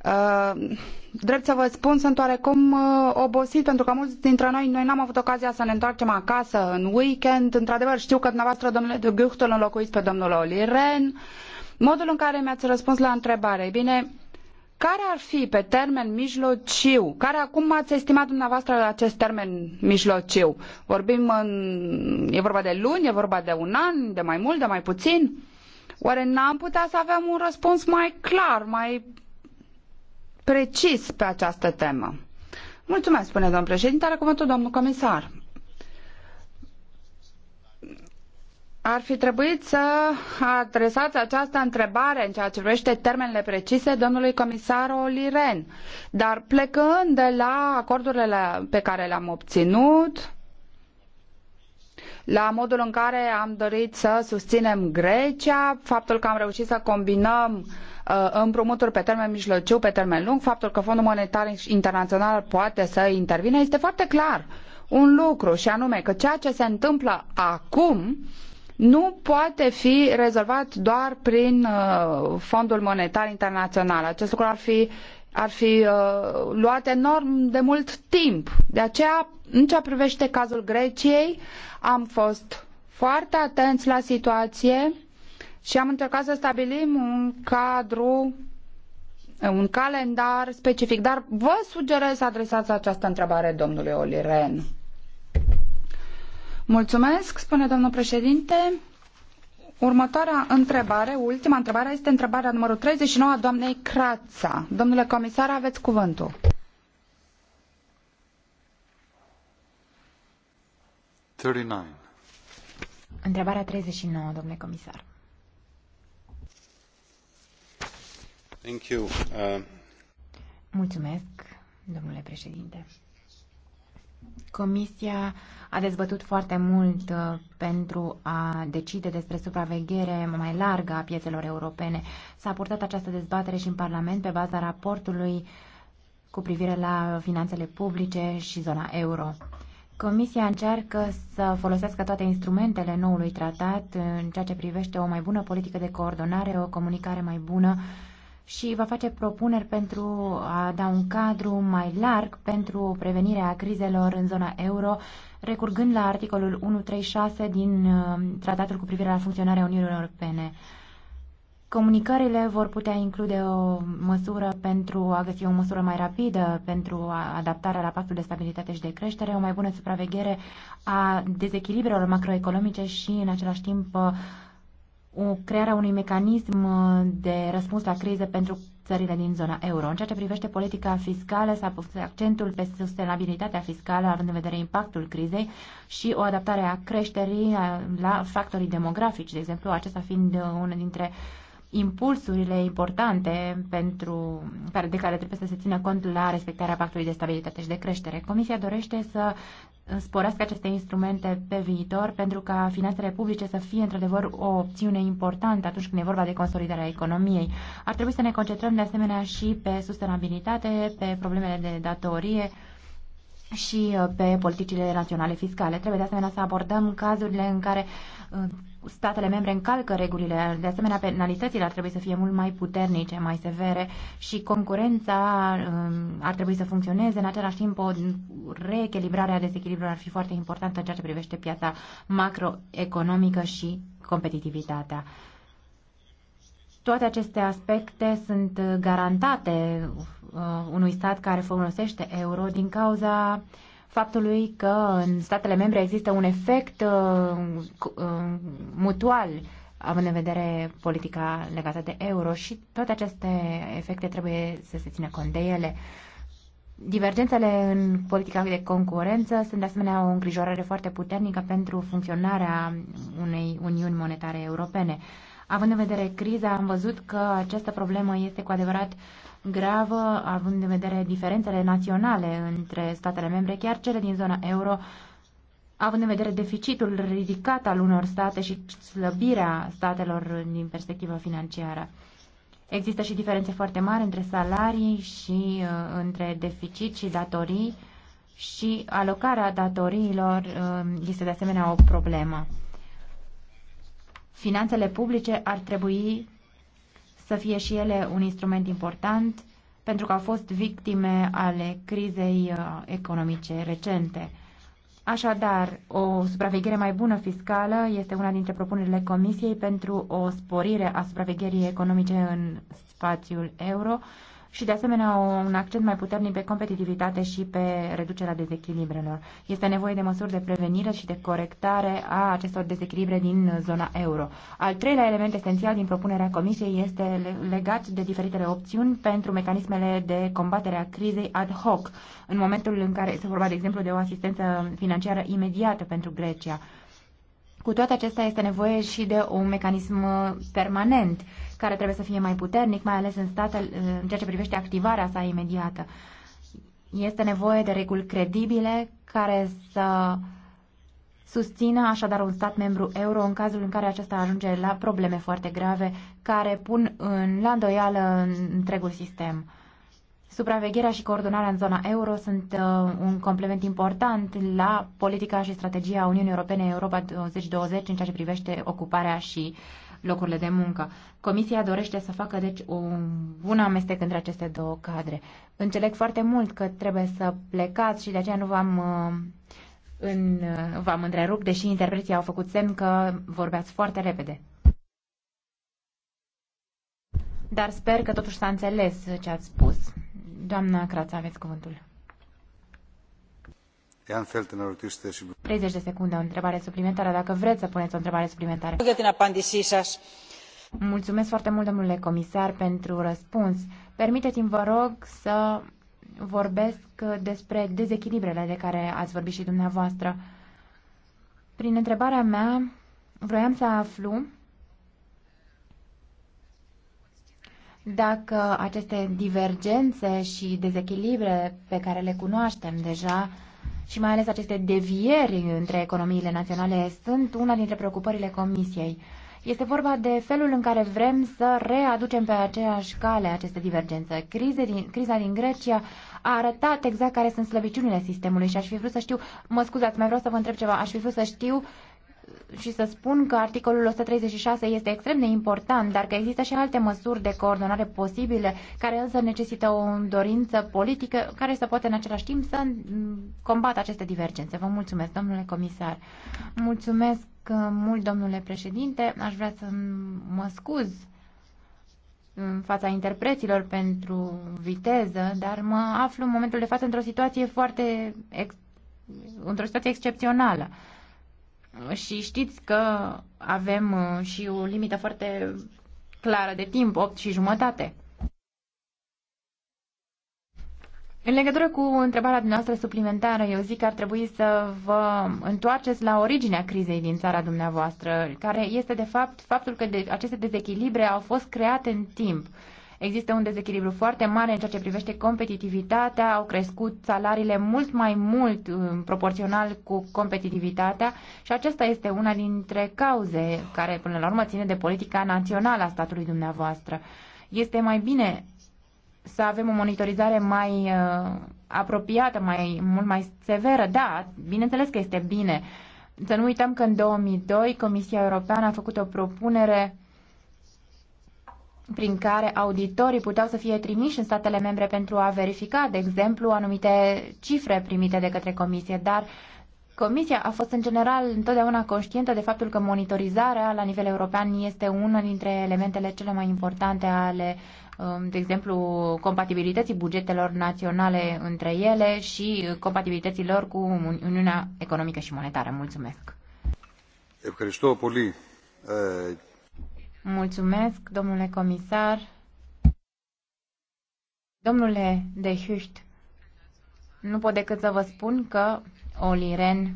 Uh, drept să vă spun, sunt oarecum uh, obosit pentru că mulți dintre noi, noi n-am avut ocazia să ne întoarcem acasă în weekend. Într-adevăr, știu că dumneavoastră, domnule de Guchtel, înlocuiți pe domnul Oliren. Modul în care mi-ați răspuns la întrebare, bine, care ar fi pe termen mijlociu, care acum ați estimat dumneavoastră acest termen mijlociu? Vorbim în, e vorba de luni, e vorba de un an, de mai mult, de mai puțin? Oare n-am putea să avem un răspuns mai clar, mai precis pe această temă? Mulțumesc, spune domnul președinte, are cuvântul domnul comisar. Ar fi trebuit să adresați această întrebare în ceea ce privește termenele precise domnului comisar Oliren. Dar plecând de la acordurile pe care le-am obținut, la modul în care am dorit să susținem Grecia, faptul că am reușit să combinăm uh, împrumuturi pe termen mijlociu, pe termen lung, faptul că Fondul Monetar Internațional poate să intervine, este foarte clar un lucru și anume că ceea ce se întâmplă acum nu poate fi rezolvat doar prin uh, Fondul Monetar Internațional. Acest lucru ar fi ar fi uh, luat enorm de mult timp. De aceea, în ceea privește cazul Greciei, am fost foarte atenți la situație și am încercat să stabilim un cadru, un calendar specific. Dar vă sugerez să adresați această întrebare domnului Oliren. Mulțumesc, spune domnul președinte. Următoarea întrebare, ultima întrebare, este întrebarea numărul 39 a doamnei Crața. Domnule comisar, aveți cuvântul. Întrebarea 39, domnule comisar. Thank you. Uh... Mulțumesc, domnule președinte. Comisia a dezbătut foarte mult uh, pentru a decide despre supraveghere mai largă a piețelor europene. S-a purtat această dezbatere și în Parlament pe baza raportului cu privire la finanțele publice și zona euro. Comisia încearcă să folosească toate instrumentele noului tratat în ceea ce privește o mai bună politică de coordonare, o comunicare mai bună și va face propuneri pentru a da un cadru mai larg pentru prevenirea crizelor în zona euro, recurgând la articolul 136 din uh, Tratatul cu privire la funcționarea Uniunii Europene. Comunicările vor putea include o măsură pentru a găsi o măsură mai rapidă pentru adaptarea la pactul de stabilitate și de creștere, o mai bună supraveghere a dezechilibrelor macroeconomice și, în același timp, o, crearea unui mecanism uh, de răspuns la criză pentru țările din zona euro. În ceea ce privește politica fiscală, s-a pus accentul pe sustenabilitatea fiscală, având în vedere impactul crizei și o adaptare a creșterii uh, la factorii demografici, de exemplu, acesta fiind uh, unul dintre uh, impulsurile importante pentru, de care trebuie să se țină cont la respectarea pactului de stabilitate și de creștere. Comisia dorește să sporească aceste instrumente pe viitor pentru ca finanțele publice să fie într-adevăr o opțiune importantă atunci când e vorba de consolidarea economiei. Ar trebui să ne concentrăm de asemenea și pe sustenabilitate, pe problemele de datorie, și uh, pe politicile naționale fiscale. Trebuie de asemenea să abordăm cazurile în care uh, statele membre încalcă regulile, de asemenea penalitățile ar trebui să fie mult mai puternice, mai severe și concurența um, ar trebui să funcționeze. În același timp, o reechilibrare a dezechilibrelor ar fi foarte importantă în ceea ce privește piața macroeconomică și competitivitatea. Toate aceste aspecte sunt garantate uh, unui stat care folosește euro din cauza uh, faptului că în statele membre există un efect uh, uh, mutual având în vedere politica legată de euro și toate aceste efecte trebuie să se țină cont de ele. Divergențele în politica de concurență sunt de asemenea o îngrijorare foarte puternică pentru funcționarea unei uniuni monetare europene. Având în vedere criza, am văzut că această problemă este cu adevărat gravă, având în vedere diferențele naționale între statele membre, chiar cele din zona euro, având în vedere deficitul ridicat al unor state și slăbirea statelor din perspectivă financiară. Există și diferențe foarte mari între salarii și uh, între deficit și datorii și alocarea datoriilor uh, este de asemenea o problemă. Finanțele publice ar trebui să fie și ele un instrument important pentru că au fost victime ale crizei uh, economice recente. Așadar, o supraveghere mai bună fiscală este una dintre propunerile Comisiei pentru o sporire a supravegherii economice în spațiul euro, și, de asemenea, un accent mai puternic pe competitivitate și pe reducerea dezechilibrelor. Este nevoie de măsuri de prevenire și de corectare a acestor dezechilibre din zona euro. Al treilea element esențial din propunerea Comisiei este legat de diferitele opțiuni pentru mecanismele de combatere a crizei ad hoc, în momentul în care se vorba, de exemplu, de o asistență financiară imediată pentru Grecia. Cu toate acestea este nevoie și de un mecanism permanent care trebuie să fie mai puternic, mai ales în statele, în ceea ce privește activarea sa imediată. Este nevoie de reguli credibile care să susțină așadar un stat membru euro în cazul în care acesta ajunge la probleme foarte grave care pun în, la îndoială întregul sistem. Supravegherea și coordonarea în zona euro sunt uh, un complement important la politica și strategia Uniunii Europene Europa 2020 în ceea ce privește ocuparea și locurile de muncă. Comisia dorește să facă, deci, un bună amestec între aceste două cadre. Înțeleg foarte mult că trebuie să plecați și de aceea nu v-am uh, în, uh, v-am întrerupt, deși interpreții au făcut semn că vorbeați foarte repede. Dar sper că totuși s-a înțeles ce ați spus. Doamna Crața, aveți cuvântul. 30 de secunde, o întrebare suplimentară, dacă vreți să puneți o întrebare suplimentară. Mulțumesc foarte mult, domnule comisar, pentru răspuns. Permiteți-mi, vă rog, să vorbesc despre dezechilibrele de care ați vorbit și dumneavoastră. Prin întrebarea mea, vroiam să aflu dacă aceste divergențe și dezechilibre pe care le cunoaștem deja și mai ales aceste devieri între economiile naționale sunt una dintre preocupările Comisiei. Este vorba de felul în care vrem să readucem pe aceeași cale aceste divergențe. Crize din, criza din Grecia a arătat exact care sunt slăbiciunile sistemului și aș fi vrut să știu, mă scuzați, mai vreau să vă întreb ceva, aș fi vrut să știu și să spun că articolul 136 este extrem de important, dar că există și alte măsuri de coordonare posibile, care însă necesită o dorință politică care să poată în același timp să combată aceste divergențe. Vă mulțumesc, domnule comisar. Mulțumesc uh, mult, domnule președinte. Aș vrea să mă scuz în fața interpreților pentru viteză, dar mă aflu în momentul de față într-o situație foarte într-o situație excepțională și știți că avem uh, și o limită foarte clară de timp, 8 și jumătate. În legătură cu întrebarea noastră suplimentară, eu zic că ar trebui să vă întoarceți la originea crizei din țara dumneavoastră, care este de fapt faptul că de, aceste dezechilibre au fost create în timp. Uh, Există un dezechilibru foarte mare în ceea ce privește competitivitatea, au crescut salariile mult mai mult uh, proporțional cu competitivitatea și aceasta este una dintre cauze care până la urmă ține de politica națională a statului dumneavoastră. Este mai bine să avem o monitorizare mai uh, apropiată, mai, mult mai severă. Da, bineînțeles că este bine. Să nu uităm că în 2002 Comisia Europeană a făcut o propunere prin care auditorii puteau să fie trimiși în statele membre pentru a verifica, de exemplu, anumite cifre primite de către comisie, dar Comisia a fost în general întotdeauna conștientă de faptul că monitorizarea la nivel european este una dintre elementele cele mai importante ale, um, de exemplu, compatibilității bugetelor naționale între ele și compatibilității lor cu Uniunea Economică și Monetară. Mulțumesc! Ευχαριστώ Mulțumesc, domnule comisar. Domnule de Hucht, nu pot decât să vă spun că Oli Ren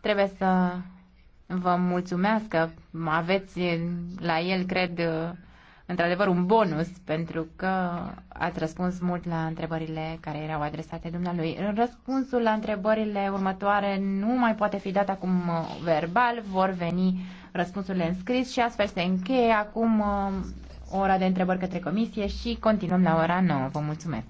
trebuie să vă mulțumească. Aveți la el, cred, într-adevăr un bonus pentru că ați răspuns mult la întrebările care erau adresate dumnealui. Răspunsul la întrebările următoare nu mai poate fi dat acum uh, verbal, vor veni răspunsurile în scris și astfel se încheie acum uh, ora de întrebări către comisie și continuăm la ora 9. Vă mulțumesc!